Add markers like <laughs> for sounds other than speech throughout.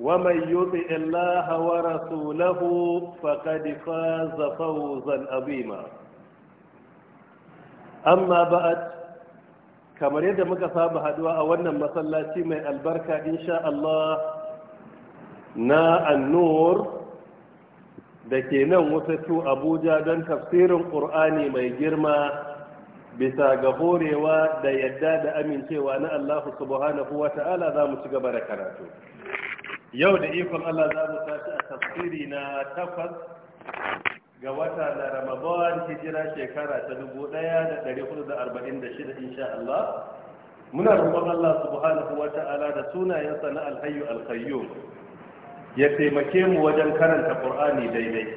ومن يطع الله ورسوله فقد فاز فوزا عظيما أما بعد kamar yadda muka saba haɗuwa a wannan masallaci mai albarka insha Allah na annur da ke nan wasatu abuja don tafsirin ƙur'ani mai girma bisa ga horewa da yadda da amincewa na allahu subhanahu wa ta'ala za mu ci gaba da karatu yau da ikon Allah za mu tashi a tafsiri na takwas ga wata na Ramadan hijira shekara ta 1446 insha Allah muna roƙon Allah subhanahu wata'ala da sunayensa na Alhayyu Alqayyum ya taimake mu wajen karanta Qur'ani daidai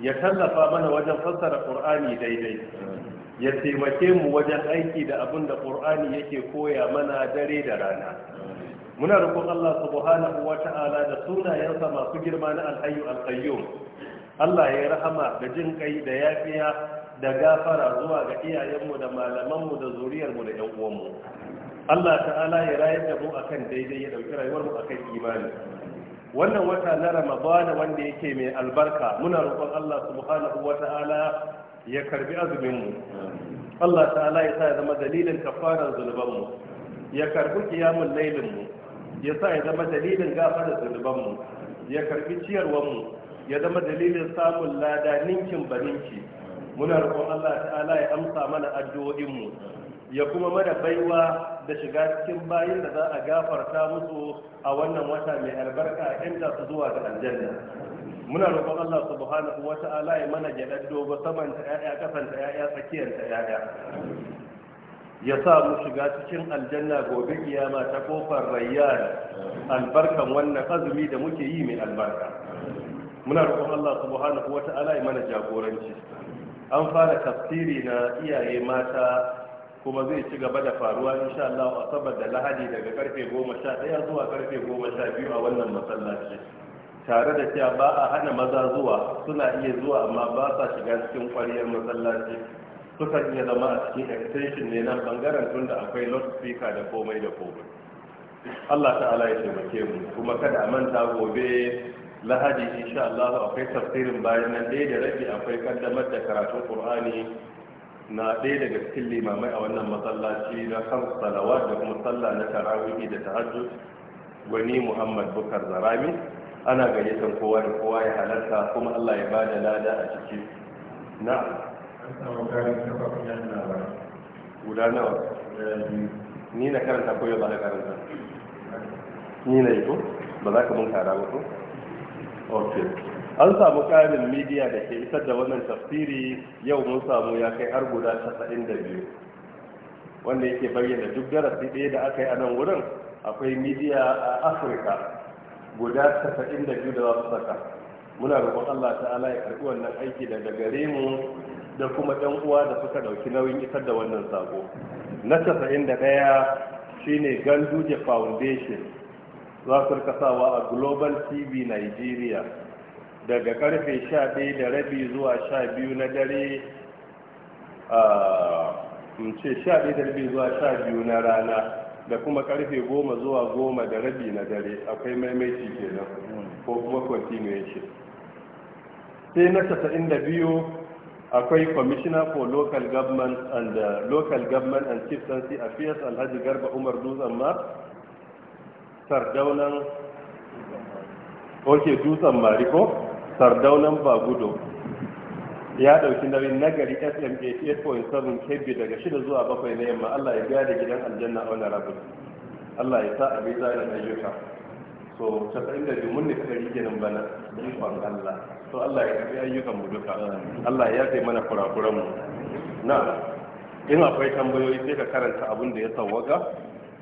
ya tallafa mana wajen fassara Qur'ani daidai ya taimake mu wajen aiki da abin da Qur'ani yake koya mana dare da rana muna rukun Allah subhanahu wa ta'ala da sunayensa masu girma na alhayu alhayu. Allah ya rahama da jin kai da yafiya da gafara zuwa ga iyayenmu da malamanmu da zuriyarmu da ƴan uwanmu Allah ta'ala ya rayar da mu akan daidai ya dauki rayuwarmu mu akan imani wannan wata na Ramadan wanda yake mai albarka muna roƙon Allah subhanahu wa ta'ala ya karbi azuminmu. Allah ta'ala ya sa ya zama dalilin kafaran zunubanmu ya karbi kiyamun lailin mu ya sa ya zama dalilin gafar da zunubanmu ya karɓi ciyarwarmu ya zama dalilin samun lada ninkin baninki muna roƙon Allah ta'ala ya amsa mana addu'o'inmu ya kuma mana baiwa da shiga cikin bayin da za a gafarta musu a wannan wata mai albarka a inda su zuwa ga aljanna muna roƙon Allah subhanahu wata'ala ya mana gyaɗar dogo saman ta 'ya'ya kasanta 'ya'ya tsakiyar ta 'ya'ya ya sa mu shiga cikin aljanna gobe kiyama ta kofar rayyan albarkan wannan azumi da muke yi mai albarka muna roƙon Allah subhanahu wata'ala ya mana jagoranci an fara tafsiri na iyaye mata kuma zai ci gaba da faruwa insha Allah a sabar da lahadi daga karfe 11 zuwa karfe 12 a wannan masallaci tare da cewa ba a hana maza zuwa suna iya zuwa amma ba sa shiga cikin kwaryar masallaci sukan iya zama a cikin extension ne na bangaren tun da akwai loudspeaker da komai da komai Allah ta'ala ya taimake mu kuma kada a manta gobe lahadi insha Allah akwai tafsirin bayan nan dai da rabi akwai kaddamar da karatun Qur'ani na ɗaya daga cikin limamai a wannan masallaci na kan salawa da kuma sallah na tarawihi da tahajjud wani Muhammad Bukar Zarami ana gayyatar kowa da kowa ya halarta kuma Allah ya bada lada a ciki na'am guda nawa ni na karanta ko ba na karanta ni na yi ko ba za ka mun kara ba ko ok an samu ƙarin midiya da ke isar da wannan tafsiri yau mun samu ya kai har guda 92 wanda yake bayyana duk darasi ɗaya da aka yi a nan wurin akwai midiya a afirka guda 92 da za su saka muna roƙon allah ta'ala ya karɓi wannan aiki daga gare mu da kuma ɗan uwa da suka ɗauki nauyin isar da wannan sako na casa'in da ɗaya shine ganduje foundation za su rika sawa a global tv nigeria daga karfe ɗaya da rabi zuwa biyu na dare a ce ɗaya da rabi zuwa biyu na rana da kuma karfe goma zuwa goma da rabi na dare akwai maimaici kenan ko kuma continuation sai na biyu. akwai commissioner for local government and uh, local government and chieftaincy affairs alhaji garba umar dutsen ma sardaunan ok dutsen mariko sardaunan bagudo ya dauki nauyin nagari sm 88.7 kb daga shida zuwa bakwai na yamma allah ya biya da gidan aljanna a wani allah ya sa a zai da ayyuka so da jimun ne kadari nan bana ikon Allah to Allah ya karbi ayyukan mu duka Allah ya kai mana kurakuran mu na in akwai tambayoyi sai ka karanta abin da ya sawwaka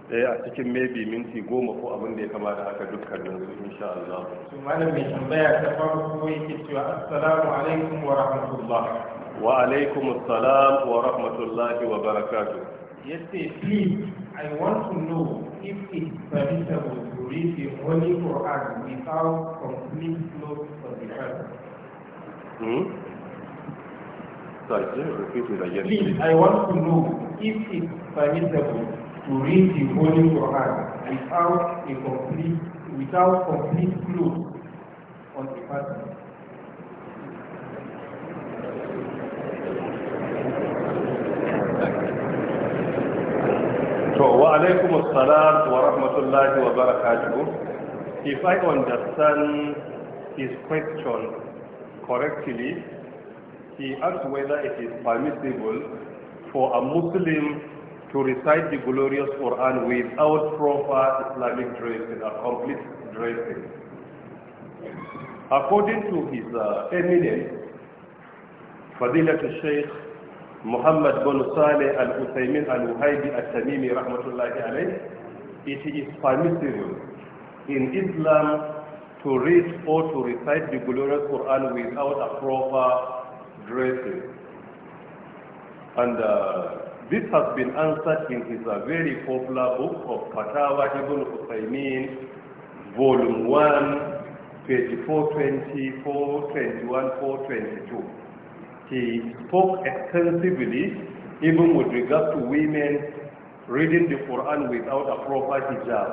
eh a cikin maybe minti goma ko abin da ya kama da haka dukkanin su insha Allah to malam mai tambaya ta farko yake cewa assalamu alaikum wa rahmatullah wa alaikum assalam wa rahmatullahi wa barakatuh yace please i want to know if it's permissible read the without complete the Hmm? Sorry, can you repeat it again? Please, I want to know if it's permissible to read the Holy Quran without a complete without complete clue on the person. to wa alaikum assalam wa rahmatullahi wa barakatuh if i understand his question correctly he asked whether it is permissible for a muslim to recite the glorious quran without proper islamic dressing a complete dressing according to his uh, eminence fadilatul shaykh muhammad bin saleh al-usaimin al-uhaibi al-tamimi rahmatullahi alayh it is permissible in islam to read or to recite the glorious quran without a proper dressing and uh, this has been answered in his uh, very popular book of Fatawa Ibn Husaymin, Volume 1, page 420, 421, 422 he spoke extensively, even with regard to women reading the Quran without a proper hijab.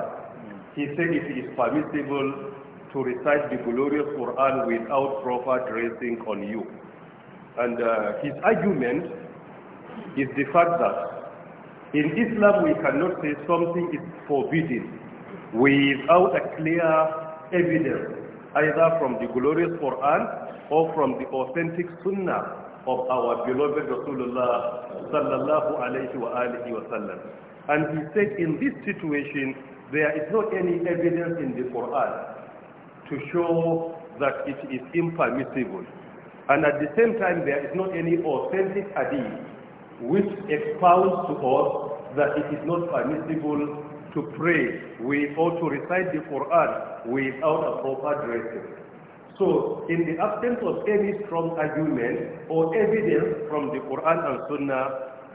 He said it is permissible to recite the glorious Quran without proper dressing on you. And uh, his argument is the fact that in Islam we cannot say something is forbidden without a clear evidence, either from the glorious Quran or from the authentic Sunnah of our beloved Rasulullah sallallahu alayhi wa alihi wa sallam. And he said in this situation, there is not any evidence in the Quran to show that it is impermissible. And at the same time, there is not any authentic hadith which expounds to us that it is not permissible to pray with or to recite the Quran without a proper dressing. So, in the absence of any strong argument or evidence from the Quran and Sunnah,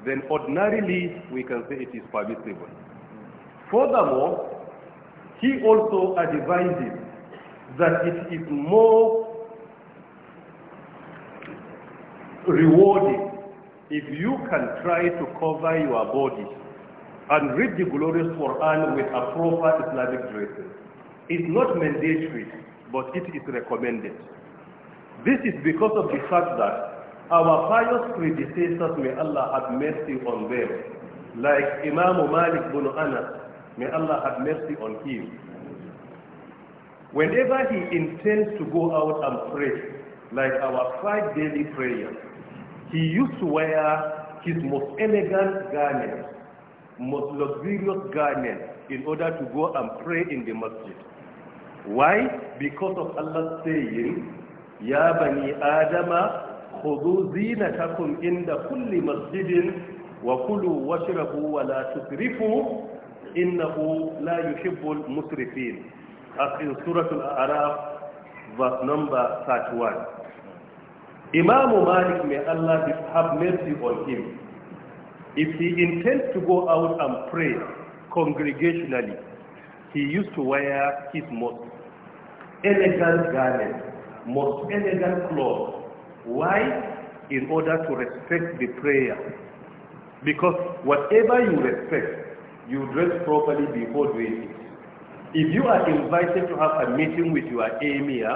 then ordinarily we can say it is permissible. Furthermore, he also advises that it is more rewarding if you can try to cover your body and read the glorious Quran with a proper Islamic dress. It's not mandatory but it is recommended. This is because of the fact that our pious predecessors, may Allah have mercy on them, like Imam Malik Ibn Anas, may Allah have mercy on him. Whenever he intends to go out and pray, like our five daily prayers, he used to wear his most elegant garment, most luxurious garment, in order to go and pray in the masjid. Why? Because of Allah saying, Ya bani Adama, khudu zinatakum inda kulli masjidin wa kulu washrabu wa la tusrifu innahu la yuhibbul musrifin. As in Surah al verse number 31. Imam Malik, may Allah have mercy on him. If he intends to go out and pray congregationally, he used to wear his mosque elegant garment, most elegant clothes. Why? In order to respect the prayer. Because whatever you respect, you dress properly before doing it. If you are invited to have a meeting with your emir,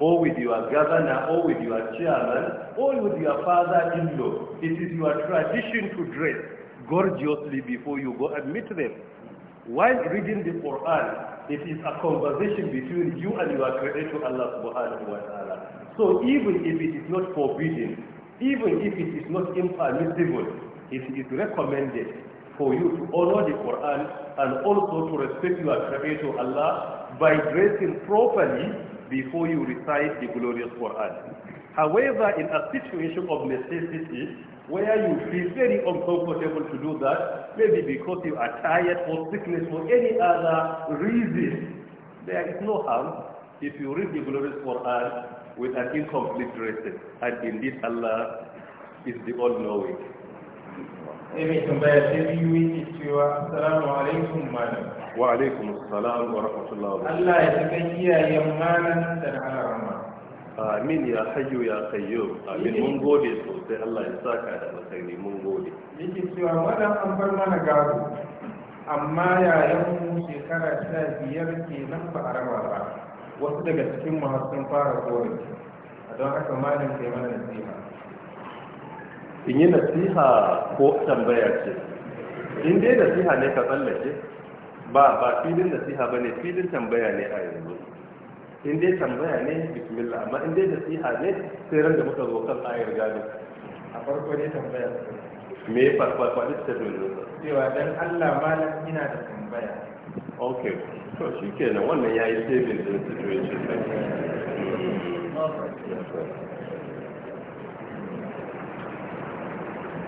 or with your governor, or with your chairman, or with your father-in-law, it is your tradition to dress gorgeously before you go and meet them. While reading the Quran, it is a conversation between you and your creator Allah subhanahu wa ta'ala. So even if it is not forbidden, even if it is not impermissible, it is recommended for you to honor the Quran and also to respect your creator Allah by dressing properly before you recite the glorious Quran. However, in a situation of necessity, where you feel very uncomfortable to do that, maybe because you are tired or sickness or any other reason, there is no harm if you read the glorious Quran with an incomplete reason. And indeed Allah is the all-knowing. Wa amin ya hayyu ya kayyo amin mun gode sosai Allah ya saka da alkhairi mun gode yake cewa wannan an bar mana gado amma yayan mu shekara ta biyar nan ba a raba ba wasu daga cikin mu har sun fara korafi don haka malam kai mana nasiha in yi nasiha ko tambaya ce in dai nasiha ne ka tsallake ba ba filin nasiha ba ne filin tambaya ne a yanzu in dai tambaya ne bismillah amma in dai nasiha ne sai ran da muka zo kan ayar gado a farko ne tambaya me ya farfa kwalit ta dole cewa dan Allah malam ina da tambaya okay to shikenan wannan yayi saving the situation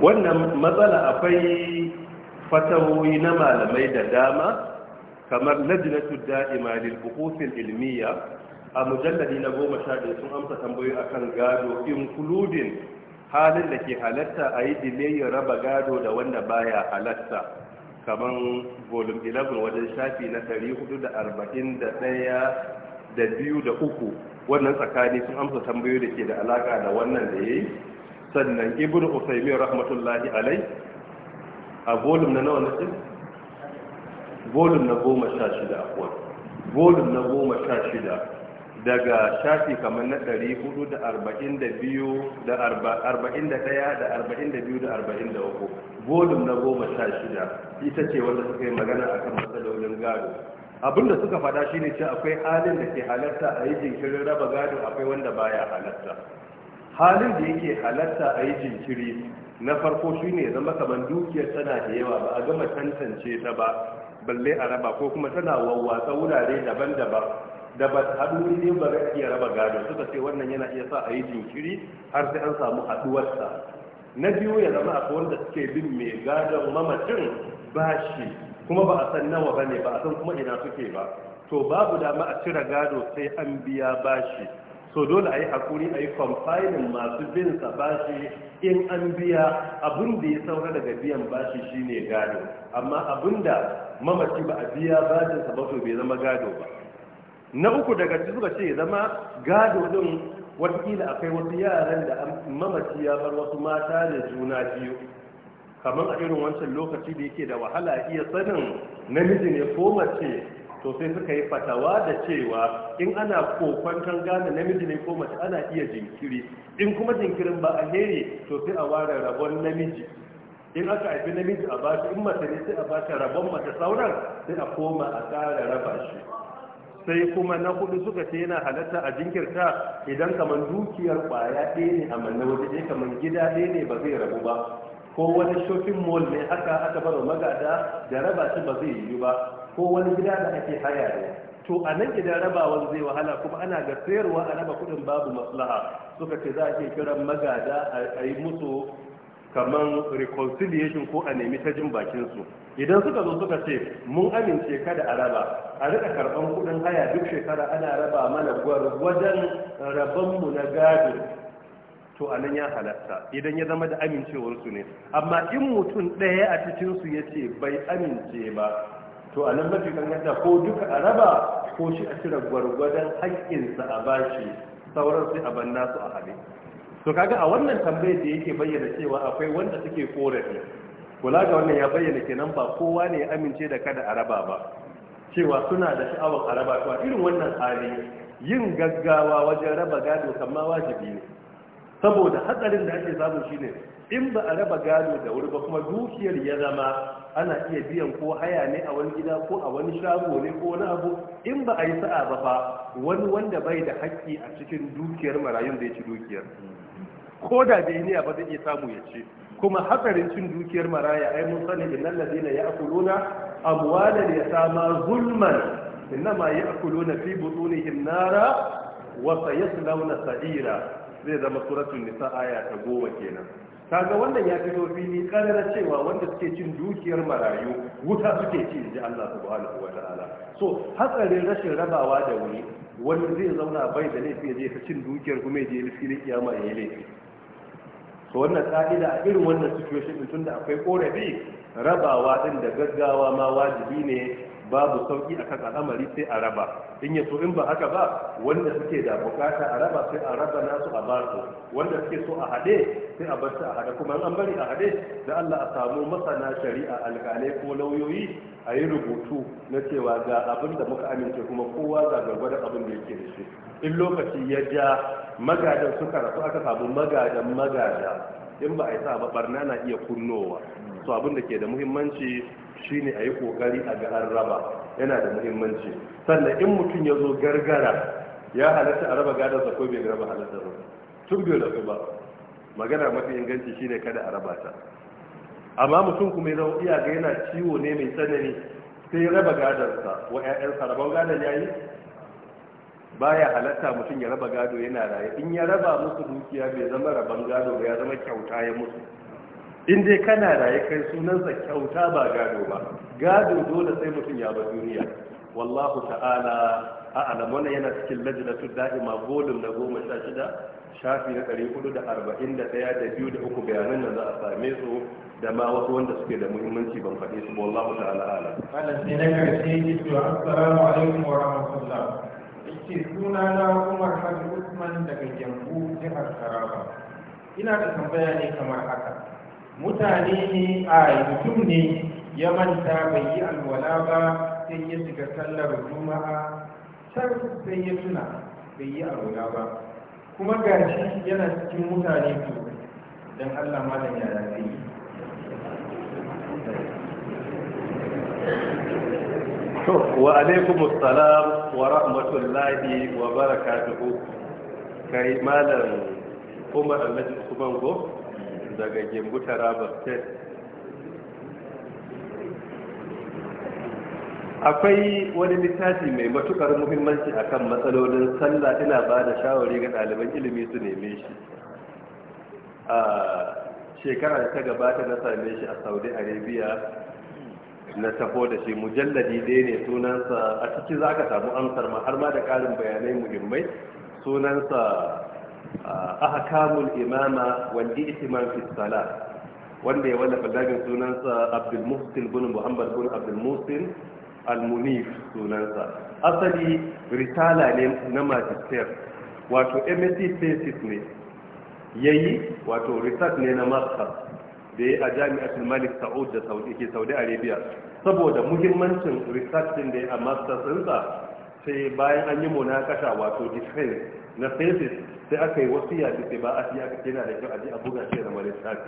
wannan matsala akwai fatawoyi na malamai da dama kamar lajnatu da'ima lil bukufin ilmiya a mujalladi na goma sha ɗaya sun amsa tambayoyi akan gado including halin da ke halatta a yi dileyin raba gado da wanda baya halatta kamar volume 11 wajen shafi na 441 da 23 da wannan tsakani sun amsa tambayoyi da ke da alaka da wannan da ya yi sannan ibn usaimin rahmatullahi alai a volume na nawa nufin volume na goma sha shida volume na goma sha shida daga shafi kamar na 442 da 43 volume na goma sha shida ita ce wanda suka yi magana a akan matsalolin gado abinda suka faɗa ne ce akwai halin da ke halatta a yi jinkirin raba gado akwai wanda baya halarta. halin da yake halarta a yi jinkiri na farko shi ne zama kamar dukiyar tana da yawa ba a gama tantance ta ba balle a raba ko kuma tana wawwatsa wurare daban-daban da ba haɗu ne ba ga iya raba gado suka ce wannan yana iya sa a yi jinkiri har sai an samu haɗuwarsa na biyu ya zama a wanda suke bin mai gadon mamacin bashi kuma ba a san nawa ba ne ba a san kuma ina suke ba to babu dama a cire gado sai an biya bashi To dole a yi haƙuri a yi kwamfainin masu bin sa bashi in an biya abin da ya saura daga biyan bashi shine gado amma abin da mamaci ba a biya sa ba to bai zama gado ba na uku daga cikin suka ce zama gado din watakila akwai wasu yaran da mamaci ya bar wasu mata da juna biyu kamar a irin wancan lokaci da yake da wahala iya sanin namiji ne ko mace to sai suka yi fatawa da cewa in ana kokwantar gane namiji ne ko mace ana iya jinkiri in kuma jinkirin ba a heri to sai a ware rabon namiji in aka haifi namiji a bashi in mace ne sai a bashi rabon mace sauran sai a koma a tsara raba shi sai kuma na kudu suka ce yana halatta a jinkirta idan kaman dukiyar kwaya ɗaya ne a manna waje ɗaya kamar gida ɗaya ne ba zai rabu ba ko wani shopping mall ne haka aka bar magada da raba shi ba zai yiwu ba ko wani gida da ake haya da, to a nan idan rabawan zai wahala kuma ana ga sayarwa a raba kudin babu maslaha suka ce za a ke kiran magada a yi musu kaman reconciliation ko a nemi ta jin bakinsu idan suka zo suka ce mun amince ka da araba a rika karban kudin haya duk shekara ana raba mana gwargwadon rabonmu na gado to a nan ya halatta idan ya zama da amincewarsu ne amma in mutum ɗaya a cikinsu ya ce bai amince ba to a nan mafi yadda ko duka a raba ko shi a cire gwargwadon haƙƙinsa a bashi sauran sai a banna su a hali to kaga a wannan tambayar da yake bayyana cewa akwai wanda suke korafi kula ga wannan ya bayyana kenan ba kowa ne ya amince da kada a raba ba cewa suna da sha'awar a irin wannan hali yin gaggawa wajen raba gado kamma wajibi ne saboda hatsarin da ake samu shine in ba a raba gado da wuri ba kuma dukiyar ya zama ana iya biyan ko haya ne a wani gida ko a wani shago ne ko wani abu in ba a yi sa'a ba fa wani wanda bai da haƙƙi a cikin dukiyar marayun da ya ci dukiyar ko da bai ne ba zai iya samu ya ce kuma hatsarin cin dukiyar maraya ai mun sani innal ladina ya'kuluna amwalan yatama zulman innama ya'kuluna fi butunihim nara wa sayaslawna sa'ira zai zama suratul nisa aya ta goma kenan kaga wannan ya fito fili karara cewa wanda suke cin dukiyar marayu wuta suke ci ji Allah subhanahu wa ta'ala so hatsarin rashin rabawa da wuri wani zai zauna bai da laifi ya je ta cin dukiyar kuma ya je filin kiyama ya yi laifi to wannan ka'ida a irin wannan situation din tunda akwai korafi rabawa din da gaggawa ma wajibi ne babu sauki akan al'amari sai a raba in ya so in ba haka ba wanda suke da bukata a raba sai a raba nasu a basu wanda suke so a haɗe sai a bar su a haɗe kuma an bari a haɗe da Allah a samu masana shari'a alƙalai ko lauyoyi a yi rubutu na cewa ga abin da muka amince kuma kowa ga gargwadon abin da yake da shi in lokaci ya ja magadan suka rasu aka sabu magadan magada in ba a yi sa ba barna na iya kunnowa so abin da ke da muhimmanci shine a yi kokari a ga an raba yana da muhimmanci sannan in mutum ya zo gargara ya halatta a raba gadon sa ko bai raba halatta ba tun bai rasu ba magana mafi inganci shine kada a raba ta amma mutum kuma ya iya ga yana ciwo ne mai tsanani sai ya raba gadon sa wa 'ya'yansa rabon gadon yi. baya halatta mutum ya raba gado yana raye in ya raba musu dukiya bai zama raban gado ba ya zama kyauta ya musu in dai kana raye kai sunansa kyauta ba gado ba gado dole sai mutum ya ba duniya wallahu ta'ala a alam yana cikin lajnatu da'ima volume na goma sha shida shafi na ɗari hudu da arba'in da ɗaya da biyu da uku bayanan da za a same su da ma wasu wanda suke da muhimmanci ban faɗe su wallahu ta'ala ala. Allah na karshe yi to assalamu alaikum wa rahmatullah. yake suna na umar hajji usman daga jambu jihar taraba ina da tambaya ne kamar haka mutane ne a mutum ne ya manta bai yi alwala ba sai ya shiga sallar juma'a can sai ya tuna bai yi alwala ba kuma gashi yana cikin mutane su don allah malam ya yi wa alaikum assalam wa rahmatullahi wa barakatuhu kai malam Umar Alhaji kuma go daga Gembu Taraba State akwai wani littafi mai matukar muhimmanci akan matsalolin sallah ina ba da shawari ga ɗaliban ilimi su neme shi a shekara ta gabata na same shi a saudi arabia na tafo da shi mujalladi dai ne sunansa a ciki za ka samu amsar ma har ma da karin bayanai muhimmai sunansa ahkamul imama wanda i'timam fi salat wanda ya wallafa dagin sunansa Abdul Muhsin bin Muhammad bin Abdul al-Munif sunansa asali risala ne na magister wato MSc thesis ne yayi wato research ne na master da ya a jami'ar malik sa'ud da ke saudi arabia saboda muhimmancin research din da ya a master sinsa sai bayan an yi munakasha wato defense na thesis sai aka yi wasu yaji sai ba a fi aka kira da kyau a ji a buga shi da malik sa'ud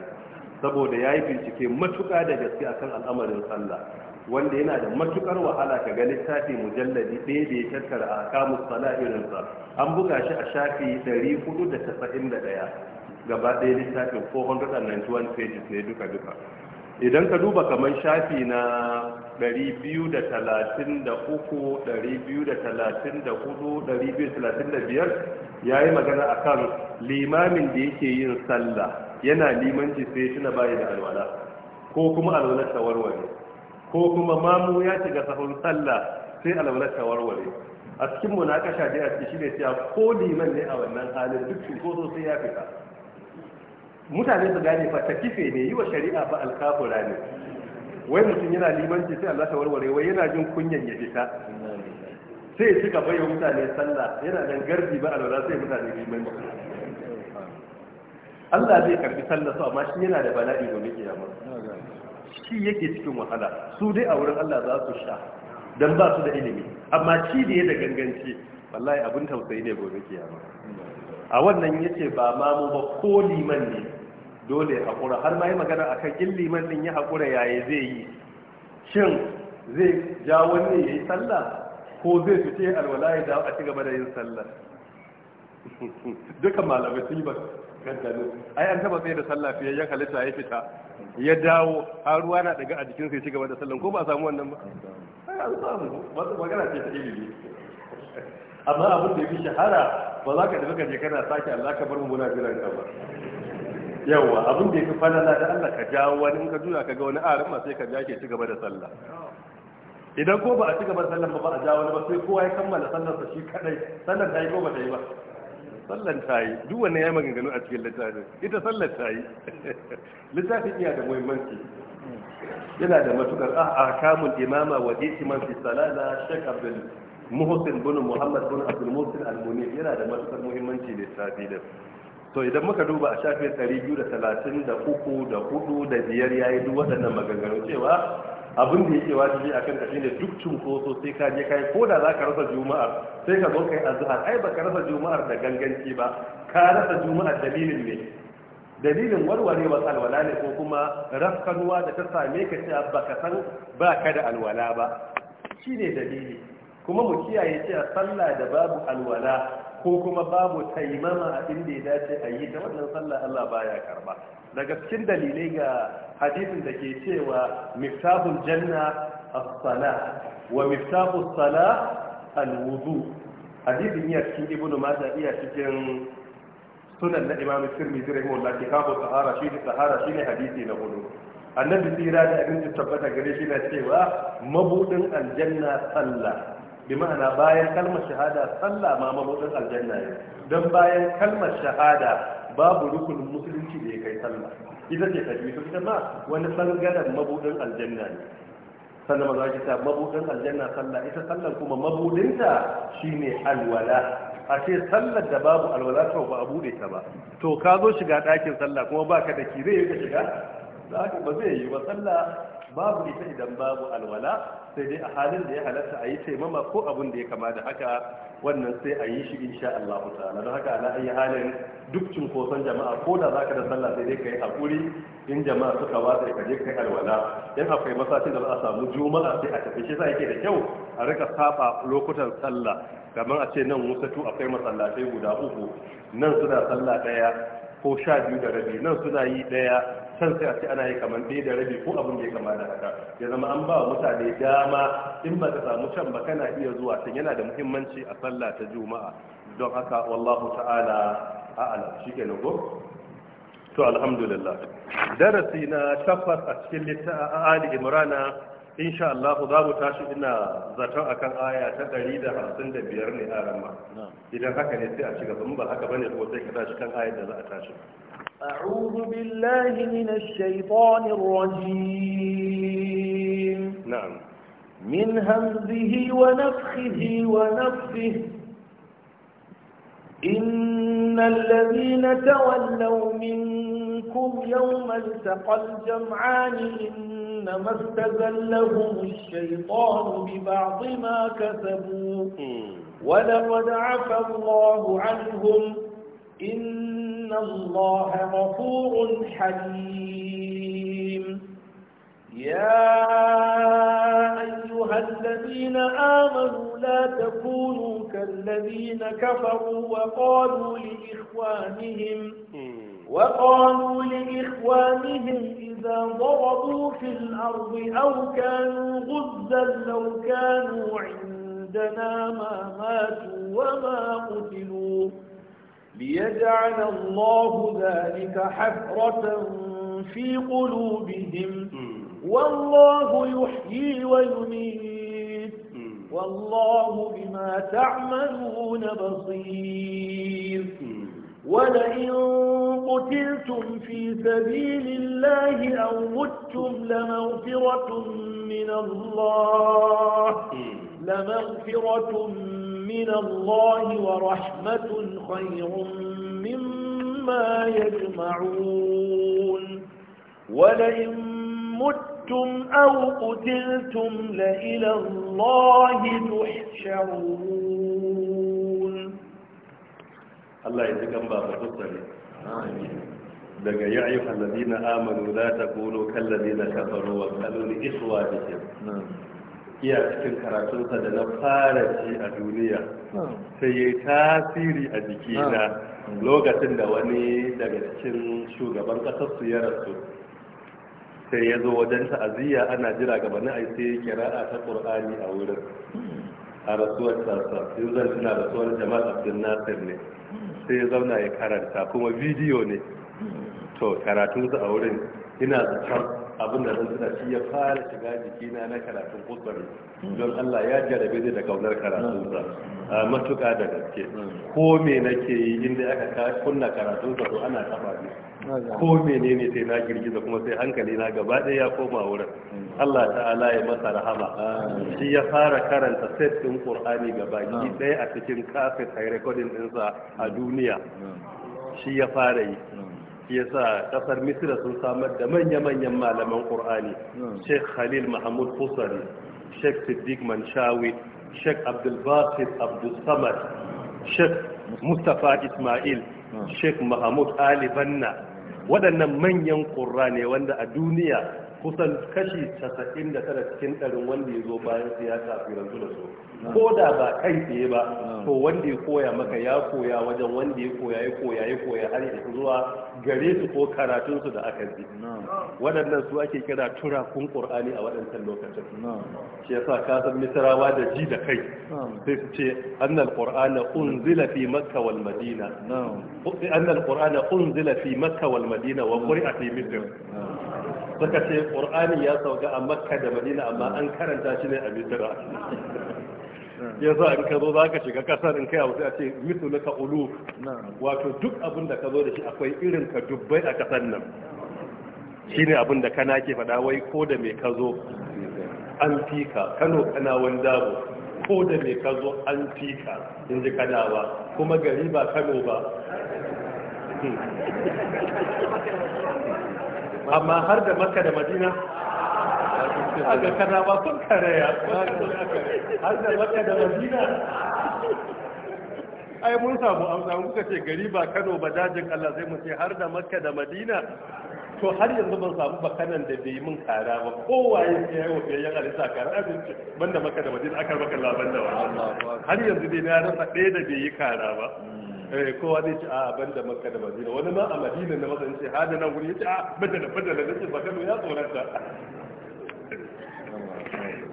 saboda ya yi bincike matuƙa da gaske a kan al'amarin sallah wanda yana da matukar wahala ka ga littafi mujalladi ɗaya da ya tattara a kamus sala irinsa an buga shi a shafi 491 gaba ɗaya littafin 491 pages ne duka duka idan ka duba kamar shafi na 233 ya yi magana a kan limamin da yake yin sallah yana limanci sai suna bayi da alwala ko kuma alwalar tawarware ko kuma mamu ya shiga sahun sallah sai alwalar tawarware a cikin munakasha da a shi ne ko liman ne a wannan halin duk shi ko sai ya fita mutane su gane fa ta kife ne yi wa shari'a ba alkafura ne wai mutum yana limanci sai Allah ta warware wai yana jin kunyan ya fita sai shi ka ya mutane sallah yana dan gardi ba alwala sai mutane limanci Allah zai karbi sallah su amma shi yana da bala'i gobe kiyama shi yake cikin wahala su dai a wurin Allah za su sha dan ba su da ilimi amma ci da da ganganci wallahi abin tausayi ne gobe kiyama a wannan yace ba mamu ba ko liman ne dole ya haƙura har ma yi magana a kan ƙin liman ɗin ya haƙura yaya zai yi shin zai ja wani ya yi sallah ko zai fice alwala ya dawo a ci gaba da yin sallah <laughs> dukkan malamai sun yi ba gaggano ai an taba tsaye da sallah fiye ya halitta ya fita ya dawo har ruwa na daga a jikin sai ci gaba da sallah ko ba a samu wannan ba ai an samu magana ce ta ilimi amma abin da ya fi shahara ba za ka tafi ka je kana sake Allah ka bar mu muna jiran ka ba yawa abin da ya fi falala da Allah ka jawo wani in ka juya ka ga wani aran ma sai ka ja ke ci gaba da sallah idan ko ba a ci gaba da sallah ba ba a jawo wani ba sai kowa ya kammala sallar sa shi kadai sallar ta yi ko ba ta yi ba sallar ta yi duk wannan ya maganganu a cikin littafin ita sallar ta yi <laughs> littafin iya da muhimmanci yana da matukar Kamun imama wa itiman fi salala Sheikh Abdul Muhsin bin Muhammad bin Abdul Muhsin al-Munif yana da matukar muhimmanci littafin to idan muka duba a shafin biyu da talatin da 4 da 5 yi duk waɗannan maganganu cewa abin da yake a akan ka ne duk cunkoso sai ka je kai ko da za ka rasa juma'ar, sai ka zo kai azhar ai ba ka rasa juma'ar da ganganci ba ka rasa juma'ar dalilin ne dalilin warwarewa alwala ne ko kuma rafkanuwa da ta same ka ce ka san ka da alwala ba shine dalili kuma mu kiyaye cewa sallah da babu alwala ko kuma babu taimama a inda ya dace a yi ta wannan sallah Allah baya karba daga cikin dalilai ga hadisin da ke cewa miftahul janna as-sala wa miftahus sala al-wudu hadisin ya cikin ibnu iya cikin sunan na imam tirmidhi rahimahullah kitabu Sahara, shi ne sahara, shi ne hadisi na hudu annabi tsira da abin da tabbata gare shi na cewa mabudin aljanna sallah bi ma'ana bayan kalmar shahada sallah ma mabudin aljanna ne don bayan kalmar shahada babu rukunin musulunci da ya kai sallah ita ce ta biyu ita ma wani bangaren mabudin aljanna ne sannan maza ki ta mabudin aljanna sallah ita sallan kuma mabudinta shine alwala a ce sallar da babu alwala to ba a bude ta ba to ka zo shiga ɗakin sallah kuma ba ka da ka shiga za ka ba zai yi ba sallah babu ita idan babu alwala sai dai a halin da ya halatta a yi taimama ko abin da ya kama da haka wannan sai a yi shi in sha Allah ta'ala don haka ana ayi halin duk cunkoson jama'a ko da za ka da sallah sai dai ka yi hakuri in jama'a suka watsa ka je kai alwala in akwai masashin da za a samu juma'a sai a tafi shi yake da kyau a rika saba lokutan sallah kamar a ce nan musatu akwai masallatai guda uku nan suna sallah daya ko sha biyu da rabi nan suna yi daya san sai a ce ana yi kamar ɗaya da rabi ko abin da ya kama da haka ya zama an ba mutane dama in ba ka samu can ba kana iya zuwa can yana da muhimmanci a sallah ta juma'a don haka wallahu ta'ala a'ala shi ke nago to alhamdulillah darasi na tabbas a cikin littafin ali imrana sha Allah za mu tashi ina zaton akan aya ta 155 ne a ramma idan haka ne sai a ci gaba ba haka bane ko sai ka tashi kan aya da za a tashi أعوذ بالله من الشيطان الرجيم نعم من همزه ونفخه ونفخه إن الذين تولوا منكم يوم التقى الجمعان إنما استزلهم الشيطان ببعض ما كسبوا ولقد عفى الله عنهم إن الله غفور حليم يا أيها الذين آمنوا لا تكونوا كالذين كفروا وقالوا لإخوانهم وقالوا لإخوانهم إذا ضربوا في الأرض أو كانوا غزا لو كانوا عندنا ما ماتوا وما قتلوا ليجعل الله ذلك حفرة في قلوبهم والله يحيي ويميت والله بما تعملون بصير ولئن قتلتم في سبيل الله أو متم لمغفرة من الله لمغفرة من من الله ورحمة خير مما يجمعون ولئن متم أو قتلتم لإلى الله تحشرون الله يتكلم بابا تصلي آمين daga ya yi hallazina amanu za ta kuno kallazina kafaru wa kalli iswa da iya cikin karatunsa da na fara ji a duniya sai ya yi tasiri a jikina lokacin da wani daga cikin shugaban su ya rasu sai ya zo wajen ta'aziyya ana jira gabanin ai sai kira'a ta qur'ani a wurin a rasuwar sassa yau zan tuna rasuwar jama'a abdul nasir ne sai ya zauna ya karanta kuma bidiyo ne to karatun a wurin ina zaton abin da zan tuna shi ya fara shiga jikina na karatun kusurri don Allah ya jarabe da kaunar karatun sa matuka da gaske ko me nake yi inda aka kunna karatun sa to ana taba ne ko me ne ne sai na girgiza kuma sai hankali na gaba ɗaya ya koma wurin Allah ta'ala ya masa rahama shi ya fara karanta set din Qur'ani gaba ki ɗaya a cikin kafet a recording ɗinsa a duniya shi ya fara yi yasa kasar misira sun samar da manya-manyan malaman ƙur'ani hmm. sheikh khalil mahmud fusari sheikh siddiq manshawi sheikh abdulbasir abdulsamad sheikh mustapha ismail hmm. sheikh mahmud ali banna waɗannan manyan ƙura ne wanda a duniya kusan kashi 99 cikin ɗarin wanda ya zo bayan sai ya tafi da su ko da ba kai tsaye ba to wanda ya koya maka ya koya wajen wanda ya koya ya koya ya koya har zuwa gare su ko karatunsu da aka bi waɗannan su ake kira turakun ƙur'ani a waɗancan lokacin shi yasa ka san misrawa da ji da kai sai su ce annal qur'ana unzila fi makka wal madina annal qur'ana unzila fi makka wal madina wa qur'a fi misr suka ce ƙur'ani ya sauka a makka da madina amma an karanta shi ne a misira ya sa in ka zo za ka shiga kasar in kai wasu a ce na ka ulu wato duk abin da ka zo da shi akwai irin ka dubbai a kasar nan shi ne abin da kana ke faɗa wai ko da me ka zo an fi kano kana wanda dabo ko da me ka zo an fi in ji ba kuma gari ba kano ba amma har da makka da madina a ga kana ba kun karaya har da makka da madina ai mun samu amsa mun kuka ce gari ba Kano ba dajin Allah sai mu ce har da Makka da Madina to har yanzu ban samu bakanan da bai mun kara ba kowa ya yi yayi wafiyan yan alisa kara abinci banda Makka da Madina aka baka labar da wannan har yanzu dai na rasa ɗaya da bai yi kara ba eh kowa zai ce a ah, ban da makka da madina wani ma a madina na mazan ce hada nan wuri ya ce a badala badala na ce ba kano ya tsorata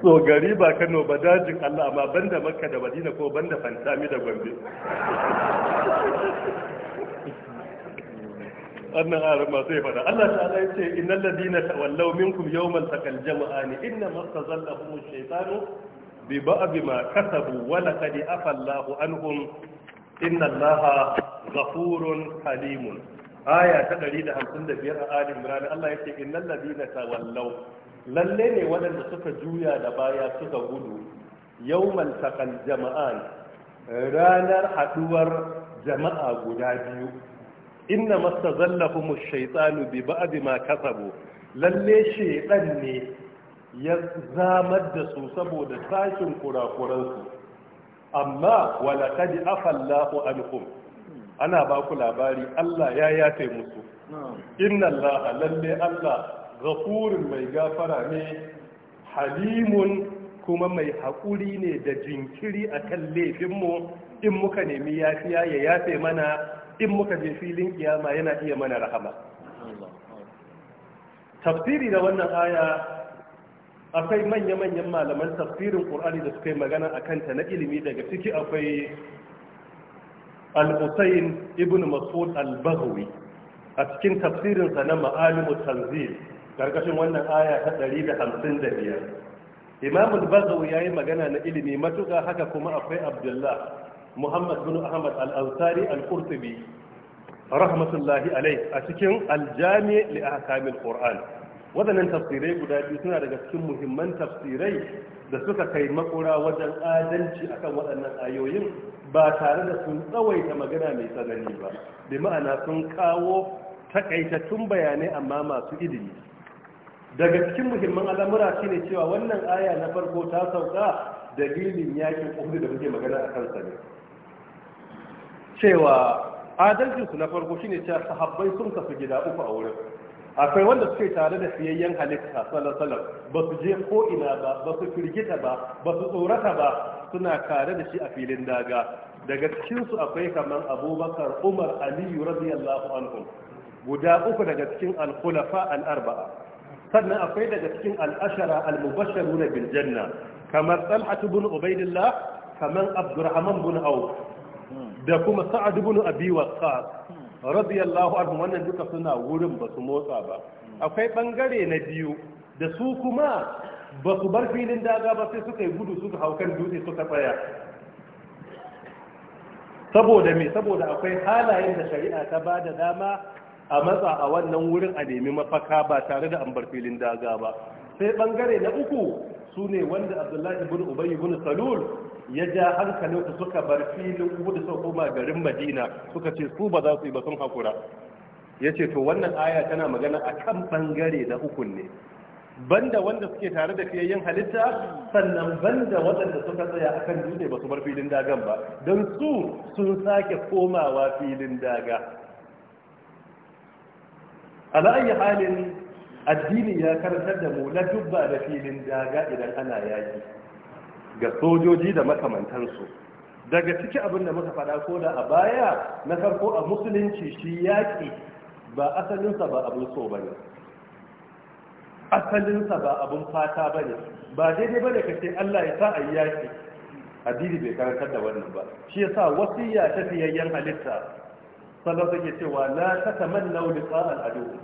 so gari ba kano ba dajin allah amma ban da makka da madina ko ban da fantami da gombe Wannan aran ma sai fada Allah ta'ala yace innal ladina tawallaw minkum yawmal taqal jama'ani inna ma tazallahum ash-shaytanu bi ba'd ma kasabu wa laqad afallahu Allahu anhum inna allaha ghafurun halimun aya ta 155 a ali imran Allah yake innal ladina tawallaw lalle ne waɗanda suka juya da baya suka gudu yawmal taqal jama'an ranar haduwar jama'a guda biyu inna mastazallahum ash-shaytanu bi ba'd ma kasabu lalle shaytan ne ya zamar da su saboda sashin kurakuransu amma wala kadi afallahu ankum ana ba ku labari Allah ya yafe musu inna Allah lalle Allah gafurin mai gafara ne halimun kuma mai haƙuri ne da jinkiri akan laifinmu in muka nemi yafiya ya yafe mana in muka je filin kiyama yana iya mana rahama tafsiri da wannan aya akwai manya-manyan malaman tafsirin ƙur'ani da suka yi magana a kanta na ilimi daga ciki akwai al-husayn ibn masud al-baghawi a cikin sa na ma'alimu tanzil karkashin wannan aya ta 155 imam al-baghawi yayi magana na ilimi matuka haka kuma akwai abdullah muhammad bin ahmad al-ansari al-qurtubi rahmatullahi alayh a cikin al-jami' li ahkam quran waɗannan tafsirai guda biyu suna daga cikin muhimman tafsirai da suka kai makura wajen adalci akan waɗannan ayoyin ba tare da sun tsawaita magana mai tsanani ba da ma'ana sun kawo takaitattun bayanai amma masu ilimi daga cikin muhimman al'amura shine cewa wannan aya na farko ta sauka dalilin yakin uhud da muke magana a kansa ne cewa adalcinsu na farko shine cewa sahabbai sun kasu gida uku a wurin akwai wanda suke tare da siyayyen halitta salasalam ba su je ko ina ba ba su firgita ba ba su tsorata ba suna tare da shi a filin daga daga cikinsu akwai kamar abubakar umar aliyu radiyallahu anhu guda uku daga cikin al-Arba'a. sannan akwai daga cikin al'ashara al-mubasharu na Janna. kamar talhatu bin ubaidillah kamar abdurrahman bin auf da kuma sa'ad bin abi waqqas radiyallahu anhu wannan duka suna wurin ba su motsa ba akwai bangare na biyu da su kuma ba su bar filin daga ba sai suka yi gudu suka haukan dutse suka tsaya saboda me saboda akwai halayen da shari'a ta ba da dama a matsa a wannan wurin a nemi mafaka ba tare da an bar filin daga ba sai bangare na uku su ne wanda abdullahi ibn ubayy ibn salul ya ja hankali su suka bar filin Uhud suka koma garin Madina suka ce su ba za su yi ba sun hakura yace to wannan aya tana magana akan bangare na uku ne banda wanda suke tare da fiyayyen halitta sannan banda waɗanda suka tsaya akan dutse ba su bar filin dagan ba don su sun sake komawa filin daga ala'ayi halin addini ya karantar da mu na dubba da filin daga idan ana yaki ga sojoji da makamantansu daga ciki abin da muka faɗa ko da a baya na farko a musulunci shi yaƙi ba asalinsa ba abin so ba ne asalinsa ba abin fata ba ne ba daidai ba ne ka ce allah ya sa a yi yaƙi addini bai karantar da wannan ba shi yasa ya ta fiyayyen halitta sannan suke cewa na ta tamanna liqa tsarin adu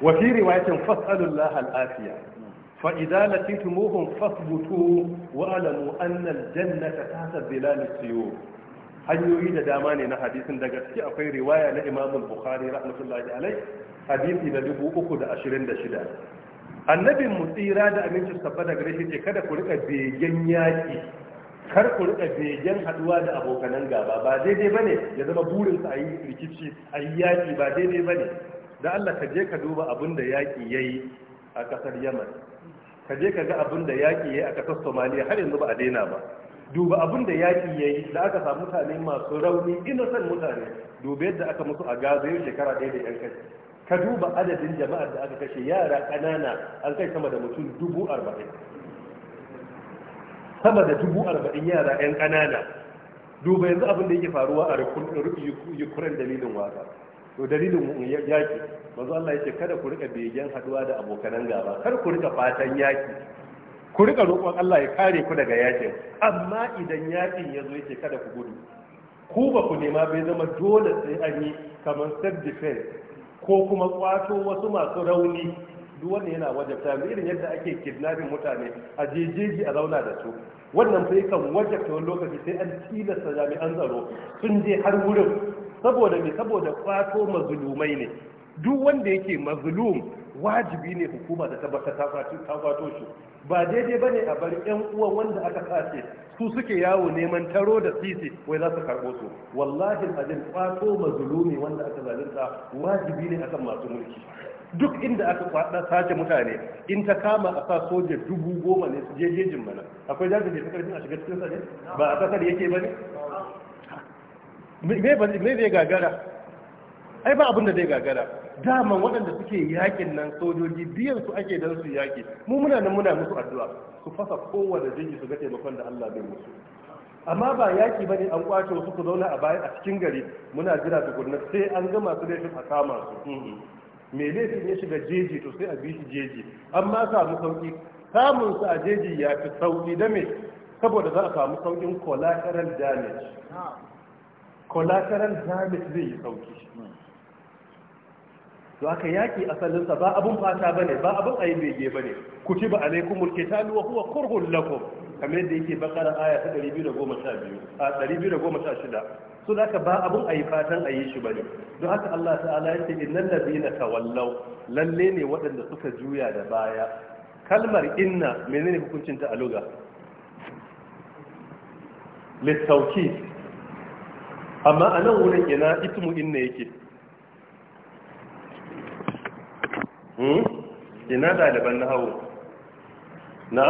wa fi riwayatin fasalullah al afiya فإذا لقيتموهم فاثبتوا واعلموا أن الجنة تحت ظلال السيوف hanyoyi da dama ne na hadisin da gaske akwai riwaya na Imam Bukhari rahmatullahi alai, hadisi na 326 annabin mutsira da aminci sabba da gare shi ce kada ku rika begen yaki kar ku rika begen haduwa da abokanan gaba ba daidai bane ya zama burin sa ayi rikici ayi yaki ba daidai bane da Allah ka je ka duba abin da yaki yayi a kasar Yaman ka je ka ga abin da yaƙi ya yi a ƙasar somaliya har yanzu ba a daina ba duba abin da yaƙi ya yi da aka samu mutane masu rauni innocent mutane duba yadda aka musu a gaza yau shekara ɗaya da yan kai ka duba adadin jama'ar da aka kashe yara ƙanana an kai sama da mutum dubu arba'in sama da dubu arba'in yara ƴan ƙanana duba yanzu abin da yake faruwa a ukraine dalilin waka to dalilin mu yaki manzo Allah yake kada ku rika begen haduwa da abokan gaba kar ku rika fatan yaki ku rika roƙon Allah ya kare ku daga yakin amma idan yakin ya zo yake kada ku gudu ku ba ku nema bai zama dole sai an yi kamar self defense ko kuma kwato wasu masu rauni duk wanda yana wajabta mu irin yadda ake kidnapping mutane a jejeji a zauna da su wannan sai kan wajabta wani lokaci sai an tilasta jami'an tsaro sun je har wurin saboda me saboda kwato mazulumai ne duk wanda yake mazulum wajibi ne hukuma da tabbata ta kwato shi ba daidai bane a bar yan uwan wanda aka sace su suke yawo neman taro da sisi wai za su karbo su wallahi alim kwato mazulumi wanda aka zalunta wajibi ne akan masu mulki duk inda aka kwada sace mutane in ta kama a sa soja dubu goma ne su je jejin mana akwai da ya fi karfin a shiga cikin sa ne ba a kasar yake ne? me zai gagara ai ba abin da zai gagara daman waɗanda suke yakin nan sojoji biyan su ake don su yaki mu muna nan muna musu addu'a su fasa kowane jirgi su ga taimakon da Allah bai musu amma ba yaki ba ne an kwace wasu ku zauna a baya a cikin gari muna jira tukunna sai an gama su laifin a kama su me laifin ya shiga jeji to sai a bi shi jeji amma samu sauki samun su a jeji ya fi sauki da me saboda za a samu saukin collateral damage collateral damage zai yi sauki to aka yaki asalinsa ba abun fata bane ba abun ayi bege bane kutiba alaikumul qital wa huwa kurhun lakum kamar yadda yake bakara aya ta 212 a 216 so da ba abun ayi fatan ayi shi ba ne. don haka Allah ta'ala ya ce innal ladina tawallaw lalle ne waɗanda suka juya da baya kalmar inna menene hukuncin ta a lugha littauki amma a nan wurin ina ismu inna yake hmm? ina ɗaliban na hawo na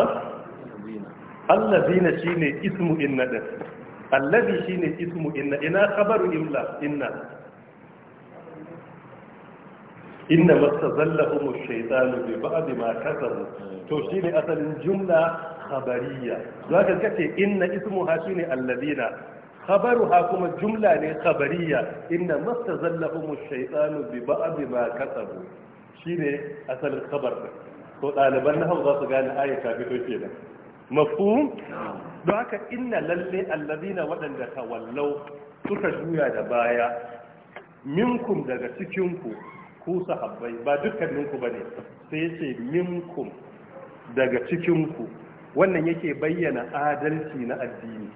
allazina shine ismu inna din allazi shine ismu inna ina khabaru imla inna inna mastazallahum ash-shaytanu bi ba'd ma kasabu to shi ne asalin jumla khabariya zaka kace inna ismuha shine allazina khabaruha kuma jumla ne khabariya inna mastazallahum ash-shaytanu bi ba'd ma kasabu shine asalin khabar din to daliban nahwu za su gane ayat ta fito kenan mafhum don haka inna lalle alladhina waɗanda tawallau suka juya da baya Minku daga cikin ku ku sahabbai ba dukkaninku bane sai yace minkum daga cikinku. ku wannan yake bayyana adalci na addini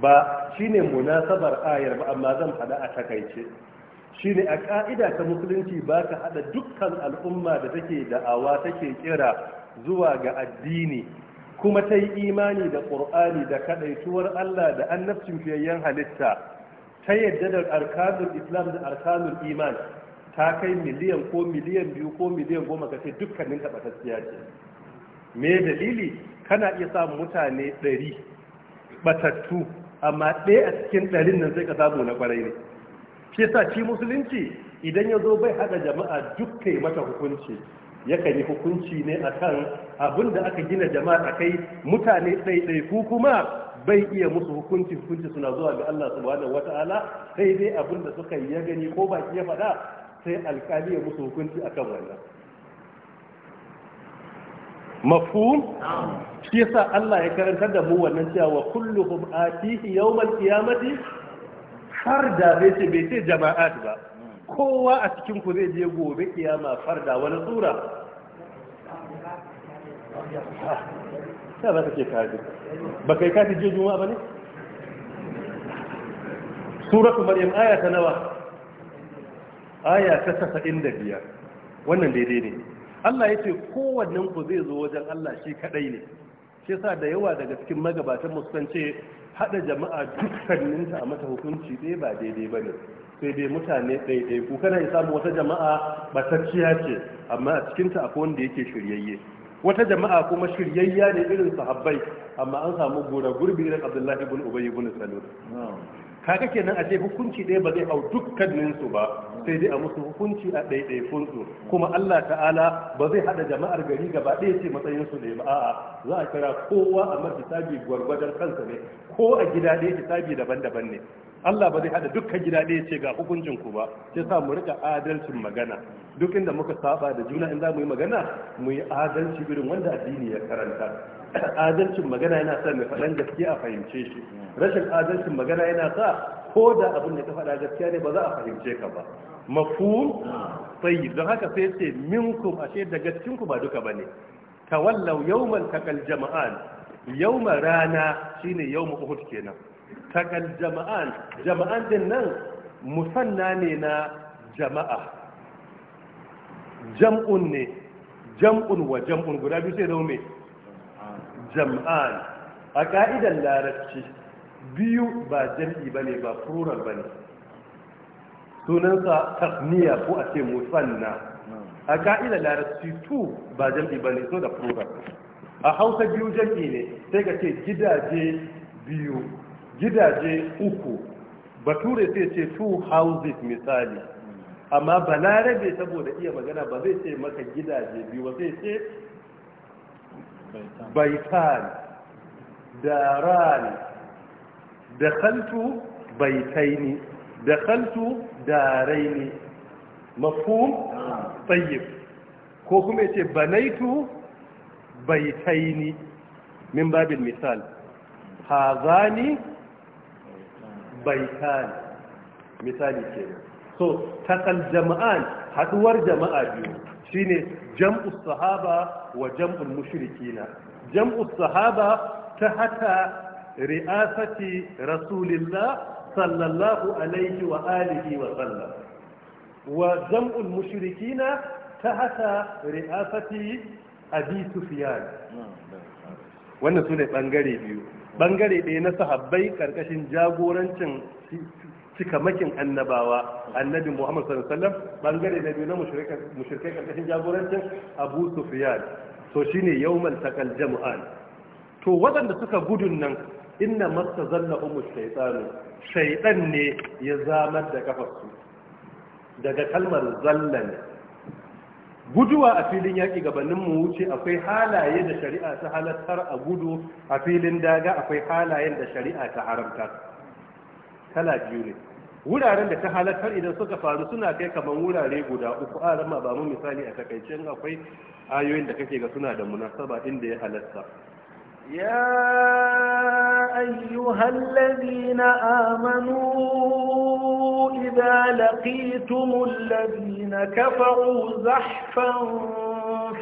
ba shine munasabar ayar ba amma zan faɗa a takaice shine a ka'ida ta musulunci ba ka haɗa dukkan al'umma da take da'awa take kira zuwa ga addini kuma ta yi imani da ƙur'ani da kaɗaituwar Allah da annabcin fiyayyen halitta ta yadda da arkanun islam da arkanun iman ta kai miliyan ko miliyan biyu ko miliyan goma ka ce dukkanin taɓatassiya ce me dalili kana iya samun mutane ɗari batattu amma ɗaya a cikin ɗarin nan sai ka samu na ƙwarai ne shi yasa shi musulunci idan ya zo bai haɗa jama'a duk kai mata hukunci yakan yi hukunci ne akan abin da aka gina jama'a a kai mutane ɗaiɗai ku kuma bai iya musu hukunci hukunci suna zuwa ga Allah subhanahu wata'ala sai dai abin da suka yi ya gani ko baki ya faɗa sai alƙali ya musu hukunci akan wannan mafhum shi yasa Allah ya karantar da mu wannan cewa wa kulluhum atihi yawmal qiyamati farda bai ce bai ce jama'at ba kowa a cikin ku zai je gobe kiyama farda wani tsura sai ba kake kaji ba kai kaji je juma'a bane suratu maryam aya ta nawa aya ta 75 wannan daidai ne Allah ya ce kowannen ku zai zo wajen Allah shi kadai ne shi yasa da yawa daga cikin magabatan mu sun hada jama'a dukkanin ta a mata hukunci dai ba daidai bane sai dai mutane daidai ku kana ya samu wata jama'a batacciya ce amma a cikin ta akwai wanda yake shiryayye wata jama'a kuma shiryayya ne irin sahabbai amma an samu gura gurbi irin Abdullahi ibn Ubay ibn Salul kaga kenan a ce hukunci ɗaya ba zai hau dukkanin su ba sai dai a musu hukunci a ɗaiɗaikun su kuma Allah ta'ala ba zai hada jama'ar gari gaba ɗaya ce matsayin su ne a'a za a kira kowa a mafi hisabi gwargwadon kansa ne ko a gida ɗaya hisabi daban-daban ne Allah ba zai haɗa dukkan gida ɗaya ce ga hukuncin ku ba sai sa mu rika adalcin magana duk inda muka saba da juna in za mu yi magana mu yi adalci irin wanda addini ya karanta adalcin magana yana sa mai faɗan gaskiya a fahimce shi rashin adalcin magana yana sa ko da abin da ka faɗa gaskiya ne ba za a fahimce ka ba Mafu, sai don haka sai ce minkum ashe daga cikin ku ba duka bane tawallau yawman takal jama'an yawma rana shine yawma uhud kenan Takal jama'an jama'an din nan musanna ne na jama'a jam'un ne jam'un wa jam'un guda biyu sai zama jam'an a ka'idar larabci biyu ba jam'i ba ne ba plural ba ne sunansa tafniya ko a ce musanna a ka'idar larabci tu ba jam'i ba ne so da plural a hausa biyu jam'i ne sai ka ce gidaje biyu gidaje uku bature sai ce two houses misali amma balarabe saboda iya magana ba zai ce maka gidaje biyu ba sai ce baitan daran dakhaltu baitaini dakhaltu daraini mafhum tayyib ko kuma yace banaitu baitaini min babin misal hazani baitan misali ke. so takal jama'an haduwar jama'a biyu shine jam'u sahaba wa jam'ul mushrikina jam'u sahaba ta hata ri'asati rasulillah sallallahu alaihi wa alihi wa sallam wa jam'ul mushrikina ta hata ri'asati abi sufyan wannan sune bangare biyu bangare ɗaya na sahabbai karkashin jagorancin cikamakin annabawa annabi Muhammad sallallahu alaihi wasallam bangare na biyu na mushrikai karkashin jagorancin Abu Sufyan to shine yawmal takal jam'an to waɗanda suka gudun nan inna mastazalla umu shaytanu shaytan ne ya zamar da kafarsu daga kalmar zallan guduwa a filin yaƙi gabanin mu wuce akwai halaye da shari'a ta halattar a gudu a filin daga akwai halayen da shari'a ta haramta kala biyu ne wuraren da ta halakar idan suka faru suna kai kamar wurare guda uku a rama ba mu misali a takaicen akwai ayoyin da kake ga suna da munasaba inda ya halatta ya ayyuhal ladina amanu idza laqitumul ladina kafaru zahfan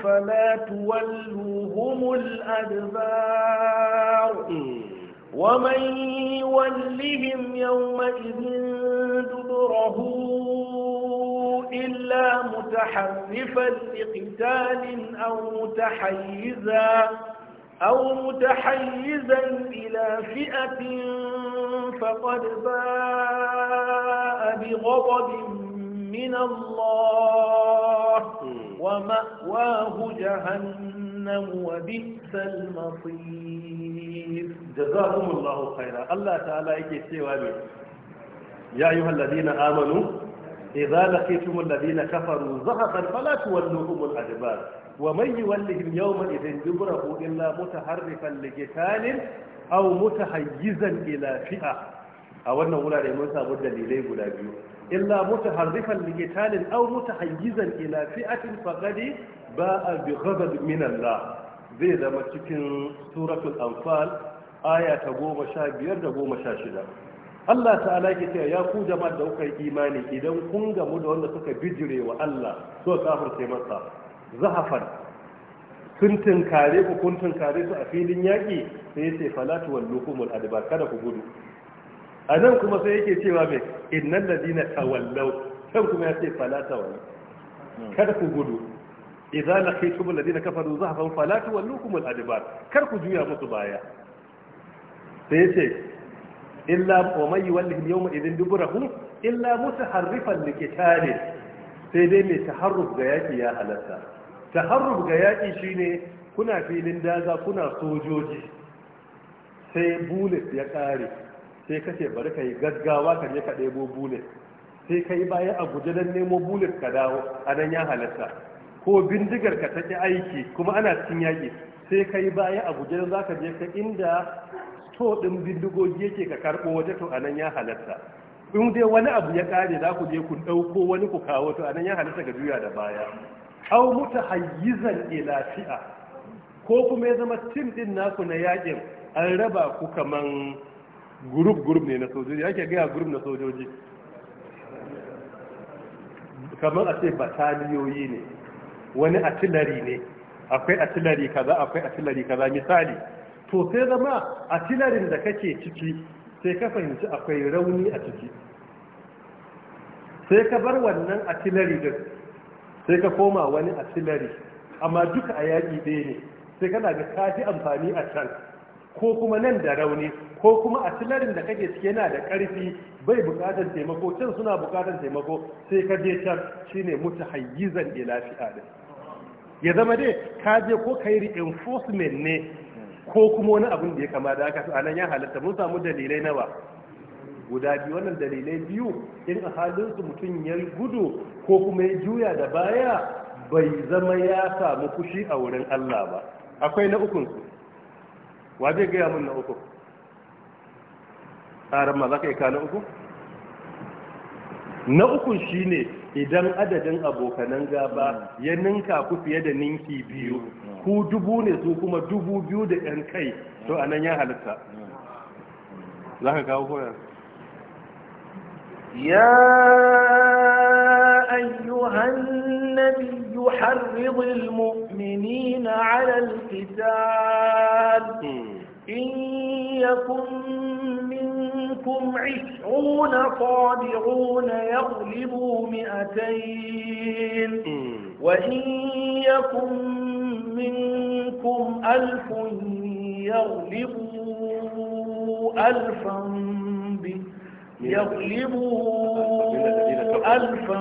fala tuwalluhumul adbar hmm. ومن يولهم يومئذ دبره إلا متحرفا لقتال أو متحيزا أو متحيزا إلى فئة فقد باء بغضب من الله ومأواه جهنم جهنم وبئس المصير جزاكم الله خيرا الله تعالى yake cewa ne ya ayyuhal ladina amanu idza laqitum alladina kafaru zahaqan fala tuwalluhum al-adbar wa man yuwallihim yawma idhin dubrahu illa mutaharrifan liqitalin ila a wannan wurare mun samu dalilai guda biyu illa mutaharrifan liqitalin aw mutahayyizan ila fi'atin faqad ba'a bi ghadab min Allah zai zama cikin suratul anfal aya ta 15 da 16 Allah ta'ala ke cewa ya ku jama'a da kuka yi imani idan kun gamu da wanda suka bijire wa Allah so sai masa zahafan sun tunkare ku kun tunkare su a filin yaƙi sai ya ce falatu wallukumul adbar kada ku gudu a nan kuma sai yake cewa mai innan ladina tawallau kan kuma ya ce falata wani kada ku gudu idza laqitum alladhina kafaru zahfan fala tuwalluhum al-adbar kar ku juya musu baya sai yace illa wa may yuwallihim yawma idhin duburahu illa mutaharrifan liqitali sai dai mai taharruf ga yaki ya halatta taharruf ga yaki shine kuna filin daga kuna sojoji sai bullet ya kare sai kace bari kai gaggawa ka je ka debo bullet sai kai baya a guje dan nemo bullet ka dawo anan ya halatta ko bindigar ka take aiki kuma ana cikin yaƙi sai ka yi baya a guje za ka je ka inda to ɗin bindigogi yake ka karɓo waje to anan ya halatta in dai wani abu ya ƙare za ku je ku ɗauko wani ku kawo to anan ya halatta ga juya da baya au muta hayyizan ila fi'a ko kuma ya zama tim ɗin naku na yakin, an raba ku kaman group group ne na sojoji ake gaya group na sojoji kamar a ce bataliyoyi ne wani atilari ne akwai atilari kaza akwai atilari kaza misali to sai zama atilarin da kake ciki sai ka fahimci akwai rauni a ciki sai ka bar wannan atilari din sai ka koma wani atilari, amma duka a yaki ɗaya ne sai kana ga kafi amfani a can ko kuma nan da rauni ko kuma atilarin da kake ciki yana da ƙarfi bai bukatar taimako can suna bukatar taimako sai ka je can shine hayyizan ila fi'alin ya zama dai ka je ko kai reinforcement ne ko kuma wani abin da ya kama da aka anan ya halatta mun samu dalilai nawa guda biyu wannan dalilai biyu in a halin mutum ya gudu ko kuma ya juya da baya bai zama ya samu kushi a wurin Allah ba akwai na ukun su wa zai gaya mun na uku tsarin ma za ka yi ka na uku na uku shine idan adadin abokanan gaba ya ninka ku fiye da ninki biyu ku dubu ne su kuma dubu biyu da yan kai to anan ya halitta za ka kawo koyar يا أيها النبي حرض na alal fitar hmm. إن يكن منكم عشرون صابعون يغلبوا مئتين وإن يكن منكم ألف يغلبوا ألفا يغلبوا ألفا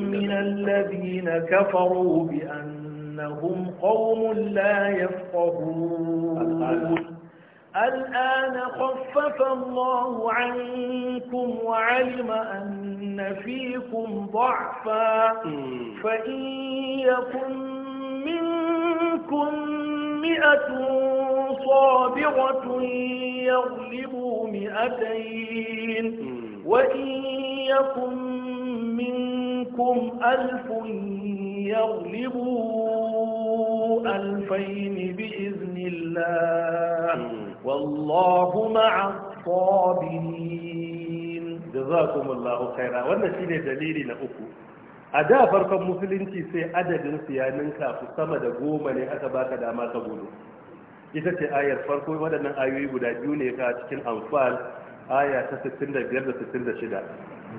من الذين كفروا بأنهم قوم لا يفقهون الآن خفف الله عنكم وعلم أن فيكم ضعفا فإن يكن منكم مئة صابرة يغلبوا مئتين وإن يكن منكم ألف يغلبوا ألفين بإذن الله wallahu ma'a sabirin jazakumullahu khaira wannan shine dalili na uku a da farkon musulunci sai adadin siyanin kafu sama da goma ne aka baka dama ka gudu ita ce ayar farko waɗannan ayoyi guda biyu ne ka cikin amfal aya ta 65 da 66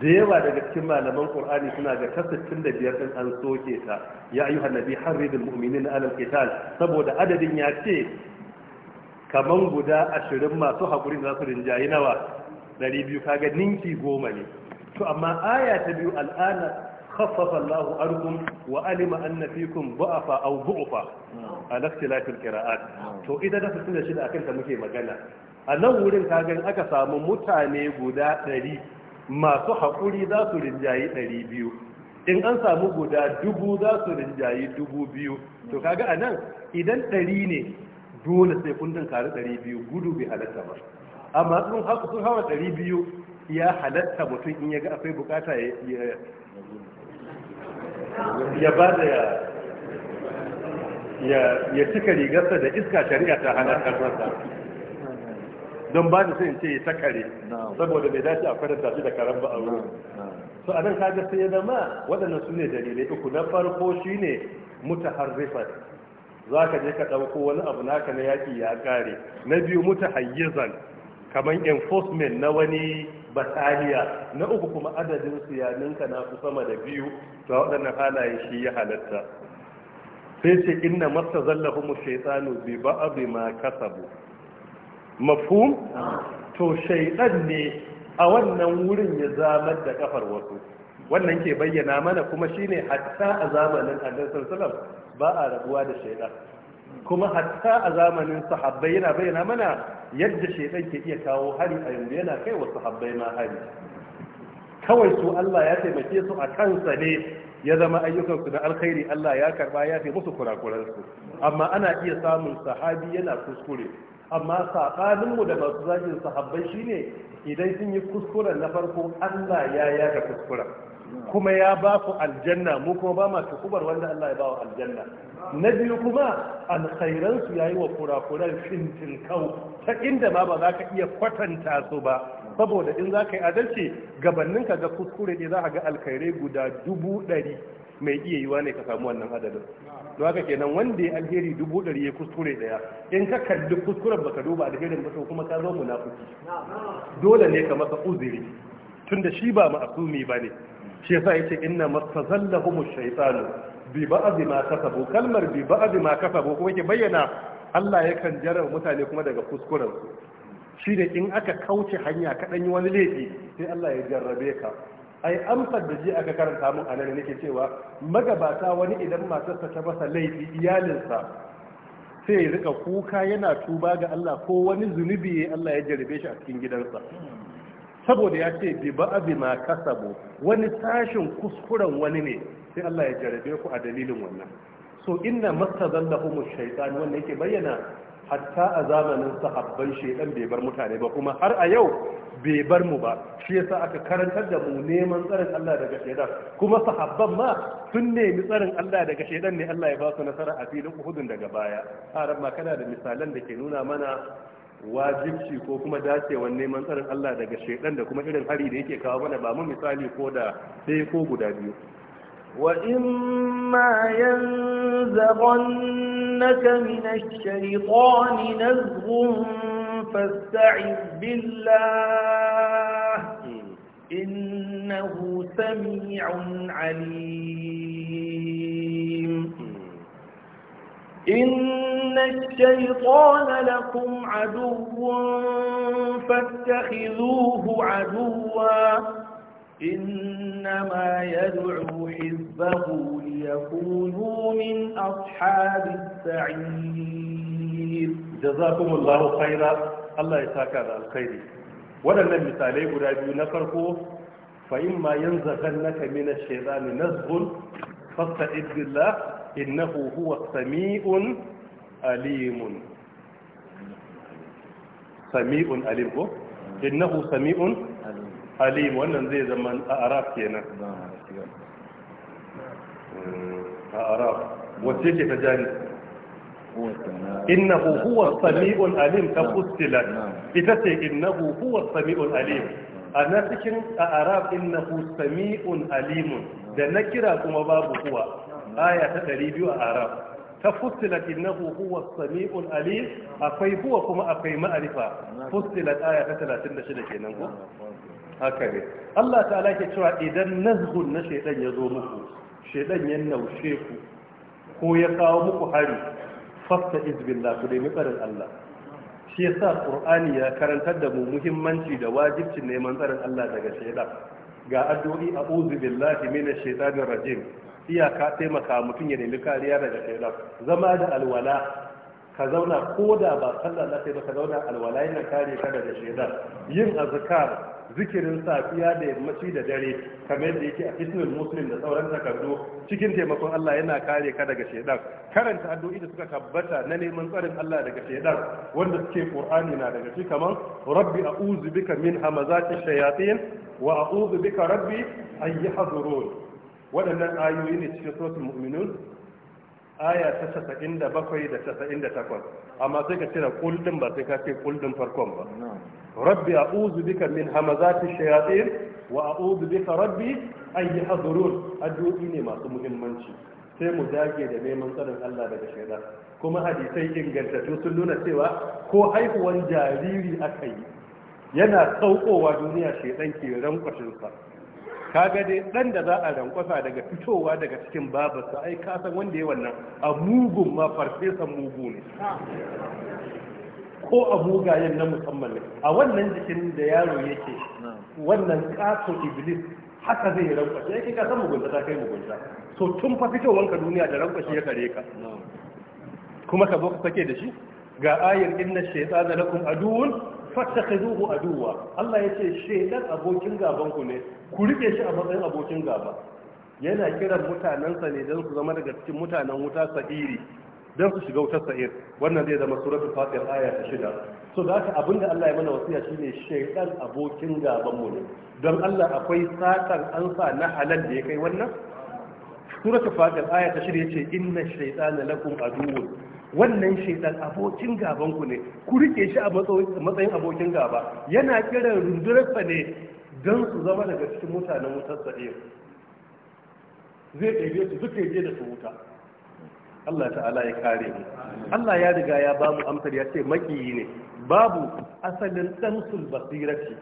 da yawa daga cikin malaman qur'ani suna ga ta 65 din an soke ta ya ayyuhan nabi harridul mu'minina alal qital saboda adadin ya ce kaman guda ashirin masu haƙuri za su rinjayi nawa ɗari biyu kaga ninki goma ne to amma aya ta biyu al'ana khaffafa Allahu arkum wa alima anna fikum bu'afa aw bu'fa ala ikhtilafil qira'at to idan da sun shi da akan ta muke magana a nan wurin kaga aka samu mutane guda ɗari masu hakuri za su rinjayi biyu? in an samu guda dubu za su rinjayi dubu biyu to kaga a nan idan ɗari ne dole sai kun ɗari 200 gudu bai halatta ba amma sun haka sun hawa 200 ya halatta mutum in ya ga akwai bukata ya ba da ya cika rigarsa da iska shari'a ta halatta masa don ba da sai ce ya takare saboda bai dace a faranta shi da karan ba a wurin su a nan kaga sai ya zama waɗannan su ne dalilai uku na farko shine mutaharrifat za ka je ka ɗauko wani abu naka na yaƙi ya ƙare na biyu mutu hayyizan kamar enforcement na wani bataliya na uku kuma adadin su na su sama da biyu to waɗannan halayen shi ya halatta sai ce inna masta mu shaitanu bi abu ma kasabu mafhum to shaitan ne a wannan wurin ya zamar da kafar wasu wannan ke bayyana mana kuma shine hatta a zamanin annabi sallallahu ba a rabuwa da shaidan kuma hatta a zamanin sahabbai yana bayyana mana yadda shaidan ke iya kawo hari a yanzu yana kai wa sahabbai ma hari kawai su Allah ya taimake su a kansa ne ya zama ayyukansu na alkhairi Allah ya karba ya fi musu kurakuransu amma ana iya samun sahabi yana kuskure amma saɓaninmu da masu zagin sahabbai shine idan sun yi kuskuren na farko Allah ya yaka kuskuren kuma ya ba ku aljanna mu kuma ba masu kubar wanda Allah ya ba wa aljanna na biyu kuma alkhairansu ya yi wa kurakuran fintin kau ta inda ma ba za ka iya kwatanta su ba saboda in za ka yi adalci gabanin ka ga kuskure ne za ka ga alkhairai guda dubu ɗari mai iya yiwa ne ka samu wannan adadin don haka kenan wanda ya alheri dubu ɗari ya kuskure ɗaya in ka kalli kuskuren baka duba alherin ba kuma ka zo munafiki dole ne ka masa uzuri tunda shi ba ma'asumi ba ne shi yasa yace inna mastazallahum ash-shaytan bi ba'di ma kasabu kalmar bi ba'di ma kasabu kuma yake bayyana Allah yakan jarraba mutane kuma daga kuskuren su shi da in aka kauce hanya ka yi wani laifi sai Allah ya jarrabe ka ai amsar da ji aka karanta mun anan nake cewa magabata wani idan matarsa ta masa laifi iyalinsa sai ya rika kuka yana tuba ga Allah ko wani zunubi Allah ya jarrabe shi a cikin gidansa saboda ya ce bi ba abi ma kasabu wani sashin kuskuren wani ne sai Allah ya jarabe ku a dalilin wannan so inna mastazallahum shaytan wannan yake bayyana hatta a zamanin sahabban shaytan bai bar mutane ba kuma har a yau bai bar mu ba shi yasa aka karantar da mu neman tsarin Allah daga shaytan kuma sahabban ma sun nemi tsarin Allah daga shaidan ne Allah ya ba su nasara a filin Uhud daga baya har ma kana da misalan da ke nuna mana wajibci ko kuma dacewar neman tsarin Allah daga shaidan da kuma irin hari da yake kawo mana ba mu misali ko da sai ko guda biyu wa imma yanzaghannaka min ash-shaytani nazghun fasta'iz billah hmm. innahu samii'un 'aliim إن الشيطان لكم عدو فاتخذوه عدوا إنما يدعو حزبه ليكونوا من أصحاب السعير جزاكم الله خيرا الله يساك على الخير ولن مثالي قد أبي نفرقه فإما ينزغنك من الشيطان نزغ فاستعذ بالله innahu huwa sami'un alimun sami'un alim ko innahu sami'un alim wannan zai zama a araf kenan a araf wacce ce ta jani innahu huwa sami'un alim ta fustilat ita ce innahu huwa sami'un alim a na cikin a arab innahu sami'un alimun da na kira kuma babu huwa aya ta biyu a arab ta fustilat innahu huwa samiul alim akwai huwa kuma akwai ma'arifa fustilat aya ta 36 kenan ko haka ne Allah ta'ala ke cewa idan nazhun na shaydan ya zo muku shaydan ya naushe ku ko ya kawo muku hari fasta izbillah ku nemi tsarin Allah shi yasa Kur'ani ya karantar da mu muhimmanci da wajibcin neman tsarin Allah daga shaydan ga addu'o'i a'udhu billahi minash shaitanir rajim iyaka taimaka mutum ya nemi kariya daga shaidan zama da alwala ka zauna ko da ba sallah na sai ba ka zauna alwala yana kare ka daga shaidan yin azkar zikirin safiya da yammaci da dare kamar yadda yake a fisnul muslim da sauran takardu cikin taimakon Allah yana kare ka daga shaidan karanta addu'o'i da suka tabbata na neman tsarin Allah daga shaidan wanda suke qur'ani na daga shi kamar rabbi a'udhu bika min hamazati shayatin wa a'udhu bika rabbi an yahdurun waɗannan ayoyi ne cikin suratul mu'minun aya ta 97 da takwas. amma sai ka cire kuldin ba sai ka ce kuldin farkon ba rabbi a'udhu bika min hamazati shayatin wa uzu bika rabbi an yahdurun addu'o'i ne masu muhimmanci sai mu dage da neman tsarin Allah daga shaitan kuma hadisai ingantattu sun nuna cewa ko haihuwan jariri aka yi yana saukowa duniya shaitan ke rankwashin sa kaga dai dan da za a rankwasa daga fitowa daga cikin babarsa ai ka san wanda ya wannan a mugun ma farfesan mugu ne ko a mugayen na musamman ne a wannan jikin da yaro yake wannan kaso iblis haka zai rankwashe yake ka san mugunta ta kai mugunta so tun fa ka duniya da rankwashe ya kare ka kuma ka zo ka sake da shi ga ayar inna shaytana lakum aduwwun fattakhidhuhu aduwwa Allah yace shaytan abokin gaban ku ne ku riƙe shi a matsayin abokin gaba yana kiran mutanensa ne don su zama daga cikin mutanen wuta sa'iri don su shiga wutar sa'ir wannan zai zama suratul fatir aya ta shida so da haka abinda Allah ya mana wasiya shine shaytan abokin gaban mu ne don Allah akwai satan an sa na halal da ya kai wannan suratul fatir aya ta shida yace inna shaytana lakum aduwwun wannan shaitan abokin gaban ku ne ku rike shi a matsayin abokin gaba yana kiran rundurarsa ne don su zama daga cikin mutanen wutar sa'ir zai ɗaibe su duka yaje da su wuta Allah ta'ala ya kare mu Allah ya riga ya ba mu amsar ya ce makiyi ne babu asalin dan basirati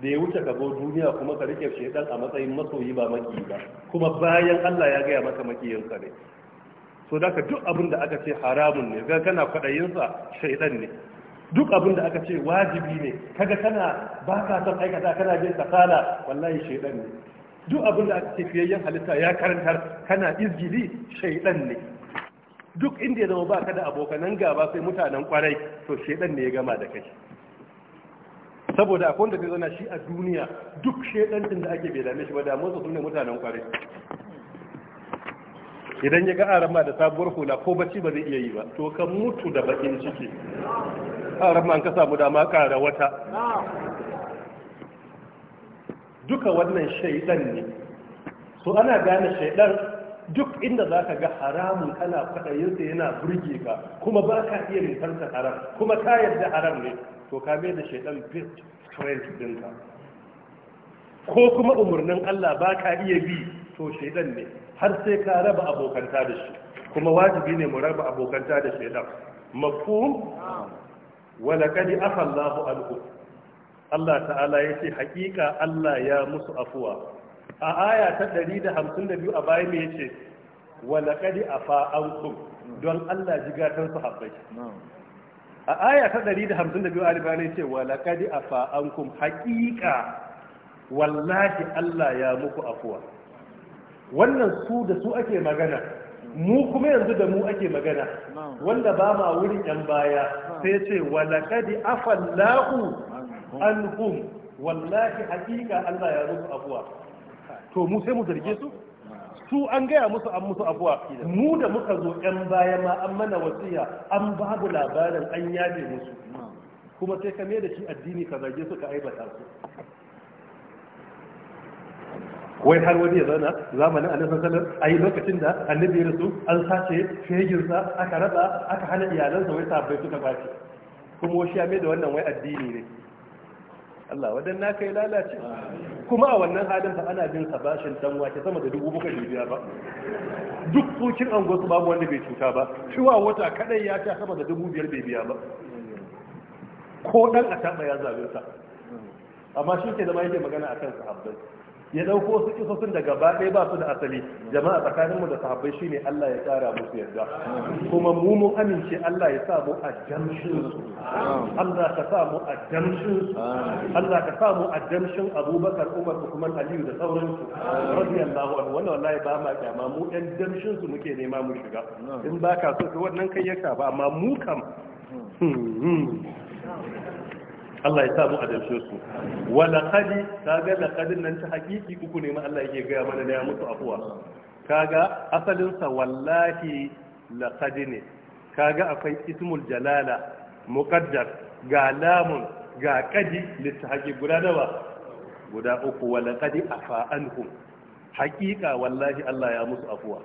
da ya wuce ka duniya kuma ka rike shedan a matsayin masoyi ba makiyi ba kuma bayan Allah ya gaya maka makiyinka ne so da duk abin da aka ce haramun ne ga kana kwaɗayinsa shaidan ne duk abin da aka ce wajibi ne kaga kana ba son aikata kana bin sakala wallahi shaidan ne duk abin da aka ce fiyayyen halitta ya karantar kana izgili shaidan ne duk inda ya zama ba ka da abokanan gaba sai mutanen kwarai to shaidan ne ya gama da kai saboda akwai wanda zai zana shi a duniya duk shaidancin da ake bai dame shi ba da su ne mutanen kwarai idan ya ga arama da sabuwar hula ko bacci ba zai iya yi ba to kan mutu da bakin ciki a an ka samu dama ƙara wata duka wannan shaidan ne so ana gane shaidan duk inda za ka ga haramun kana faɗayinsa yana burge ka kuma ba ka iya mintarsa haram kuma ka yadda haram ne to ka mai da shaidan best friend ɗinka ko kuma umarnin Allah ba ka iya bi to shaidan ne har sai ka raba abokanta da shi kuma wajibi ne mu raba abokanta da shaidan mafhum Wala walakadi afallahu anhu Allah ta'ala ya ce haƙiƙa Allah ya musu afuwa a aya ta 152 a baya mai ce walakadi afa ankum don Allah jigatan su habbai a aya ta 152 a ribani ce wala walakadi afa ankum haƙiƙa wallahi Allah ya muku afuwa wannan su da su ake magana mu kuma yanzu da mu ake magana wanda ba ma wurin yan baya sai ce walakadi afallahu anhum wallahi hakika Allah ya rubu abuwa to mu sai mu zarge su su an gaya musu an musu abuwa mu da muka zo yan baya ma an mana wasiya an babu labarin an yabe musu kuma sai ka da shi addini ka zarge su ka aibata su wai har wani ya zana zamanin annabi sallallahu alaihi lokacin da annabi ya rasu an sace sa aka raba aka hana iyalansa wai sabbai suka bace kuma wasu ya da wannan wai addini ne Allah wadan na kai lalace kuma a wannan halin fa ana bin sabashin dan wake sama da dubu buka biya ba duk tsokin ango su babu wanda bai cuta ba ciwa wata kadai ya ta sama da dubu biyar bai biya ba ko dan a taɓa ya sa amma shi ke zama yake magana akan sahabbai ya dauko su kisosin da gaba ba su da asali jama'a tsakaninmu da sahabbai shine Allah ya tsara musu yarda kuma mu mun amince Allah ya sa mu a jamshin su Allah ka sa mu a jamshin su Allah ka sa mu a jamshin Abubakar Umar Usman Aliyu da sauransu radiyallahu anhu wannan wallahi ba ma kyama mu ɗan jamshin su muke nema mu shiga in ba ka so wannan kai ya ba amma mu kam hmm, hmm. Allah ya samu adalce su wa laqadi kaga laqadin nan ta hakiki uku ne ma Allah yake gaya mana ya mutu afuwa kaga asalin sa wallahi laqadi ne kaga akwai ismul jalala muqaddar ga lamun ga qadi litahaqi guda nawa guda uku wa laqadi afa anhum Hakika wallahi Allah ya musu afuwa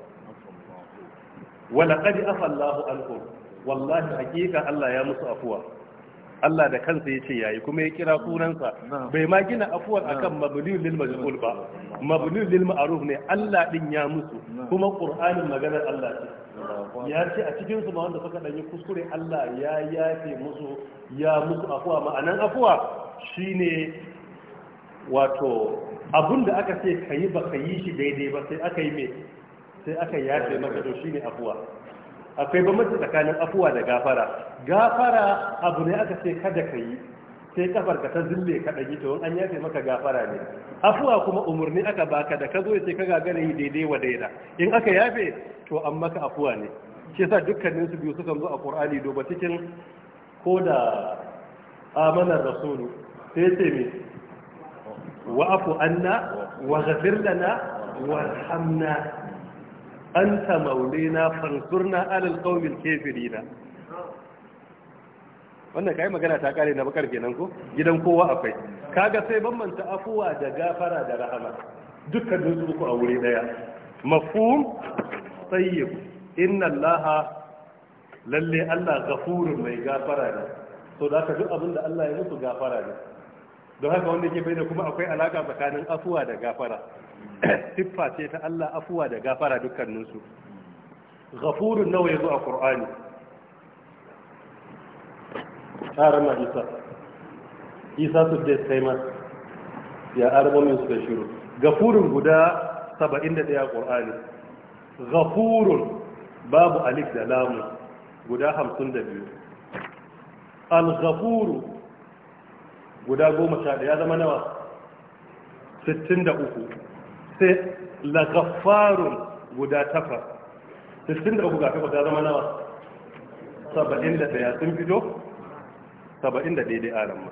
wa laqadi afa Allahu anhum wallahi hakika Allah ya musu afuwa Allah da kansa ya ce yayi kuma ya kira sunansa bai ma gina afuwar akan mabniyul lil majhul ba mabniyul lil ma'ruf ne Allah din ya musu kuma qur'anin maganar Allah ce ya ce a cikin su ma wanda suka danyi kuskure Allah ya yafe musu ya musu afuwa ma'anan afuwa shine wato abun da aka ce kayi ba kayi shi daidai ba sai aka yi me sai aka yafe maka to shine afuwa akwai bambanci tsakanin afuwa da gafara gafara abu ne aka ce kada ka yi sai kafar ka ta zille ka to an yafe maka gafara ne afuwa kuma umarni aka baka da ka zo sai ka gagara yi daidai wa daida in aka yafe to an maka afuwa ne shi yasa dukkanin su biyu suka zo a qur'ani doba cikin ko da amanar rasulu sai ce me wa afu anna wa ghafir lana warhamna anta maulina فانصرنا alal القوم الكافرين wannan kai magana ta kare na bakar kenan ko gidan kowa akwai kaga sai bambanta afuwa da gafara da rahama dukkan su uku a wuri daya mafhum tayyib inna allaha lalle allah ghafurun mai gafara ne so da ka duk abinda allah ya musu gafara ne don haka wanda ke bayyana kuma akwai alaka tsakanin afuwa da gafara <coughs> siffa ce ta Allah afuwa da gafara dukkaninsu ghafurun nawa yazo a qur'ani harama isa isa su da sai ma ya arba min su da shiru ghafurun guda 71 a qur'ani ghafurun babu alif da lamu guda 52 al-ghafuru guda goma sha ya zama nawa 63 sai lagafarun guda takwas 63 ga takwas ya zama nawa 71 sun fito 71 dai aran ma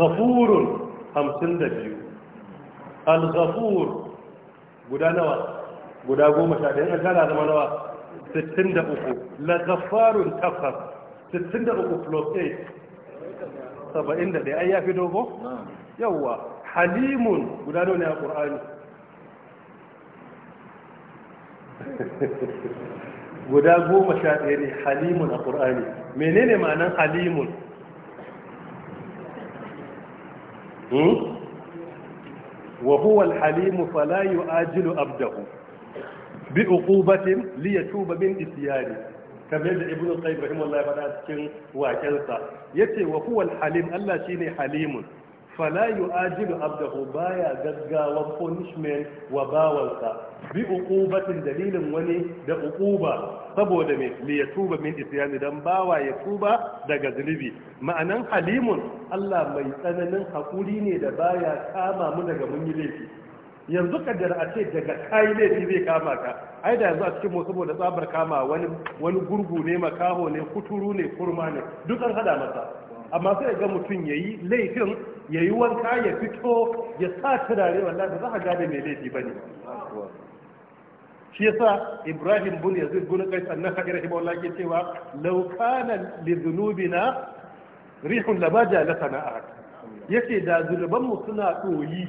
gafurun 52 al guda nawa guda goma sha ɗaya an zama nawa 63 lagafarun takwas 63 plus 8 saba'in da ɗaya ai ya fito ko yawwa halimun guda ne a ƙur'ani <laughs> guda goma sha ɗaya ne halimun a ƙur'ani menene ma'anan halimun hmm? wa huwa alhalimu fala ajilu abdahu bi uqubatin li yatuba min isyari kamar da ibnu qayyim rahimahullah ya faɗa cikin wakensa. yace wa huwal halim Allah shine halimun fala yu'ajilu abdahu baya gaggawa punishment wa bawansa bi uqubatin dalilin wani da uquba saboda me li yatuba min isyani dan bawa ya tuba daga zunubi ma'anan halimun Allah mai tsananin hakuri ne da baya kama mu daga mun yi laifi yanzu kadar a ce daga kai laifi zai kama ka ai da yanzu a cikin mu saboda tsabar kama wani wani gurgu ne makaho ne kuturu ne kurma ne duk an hada masa amma sai ga mutum yayi laifin yayi wanka ya fito ya sa turare wallahi ba za ka gane mai laifi bane shi yasa Ibrahim bin Yazid bin Qais an-Nakhai allah ke cewa law kana li dhunubina rihun labaja lasana yace da zunuban mu suna ɗoyi.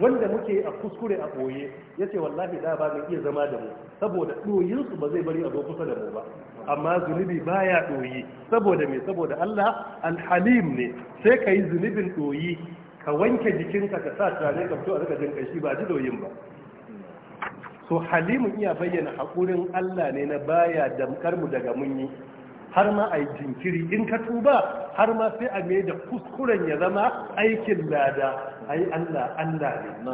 wanda muke a kuskure a ɓoye ya ce wallahi da ba mai iya zama da mu saboda ɗoyinsu ba zai bari a zo kusa da mu ba amma zunubi baya ɗoyi saboda me saboda Allah alhalim ne sai ka yi zunubin ɗoyi ka wanke jikinka ka sa tare ka fito a rika jin kanshi ba ji ɗoyin ba so halimun iya bayyana haƙurin Allah ne na baya damkar mu daga yi. har ma a yi jinkiri in ka tuba har ma sai a mai da kuskuren ya zama aikin lada a yi allah allah ne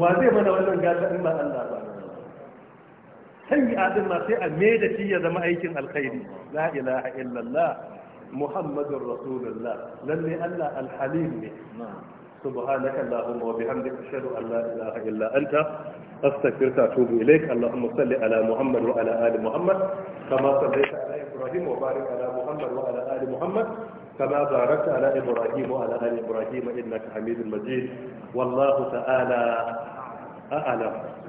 wa zai mana wannan gasa in ba allah ba sai adin ma sai a mai da shi ya zama aikin alkhairi la ilaha illallah muhammadun rasulullah lalle allah alhalim ne سبحانك اللهم وبحمدك أشهد أن لا إله إلا أنت أستغفرك وأتوب إليك اللهم صل على محمد وعلى آل محمد كما صليت إبراهيم وبارك على محمد وعلى آل محمد كما باركت على إبراهيم وعلى آل إبراهيم إنك حميد مجيد والله تعالى أعلم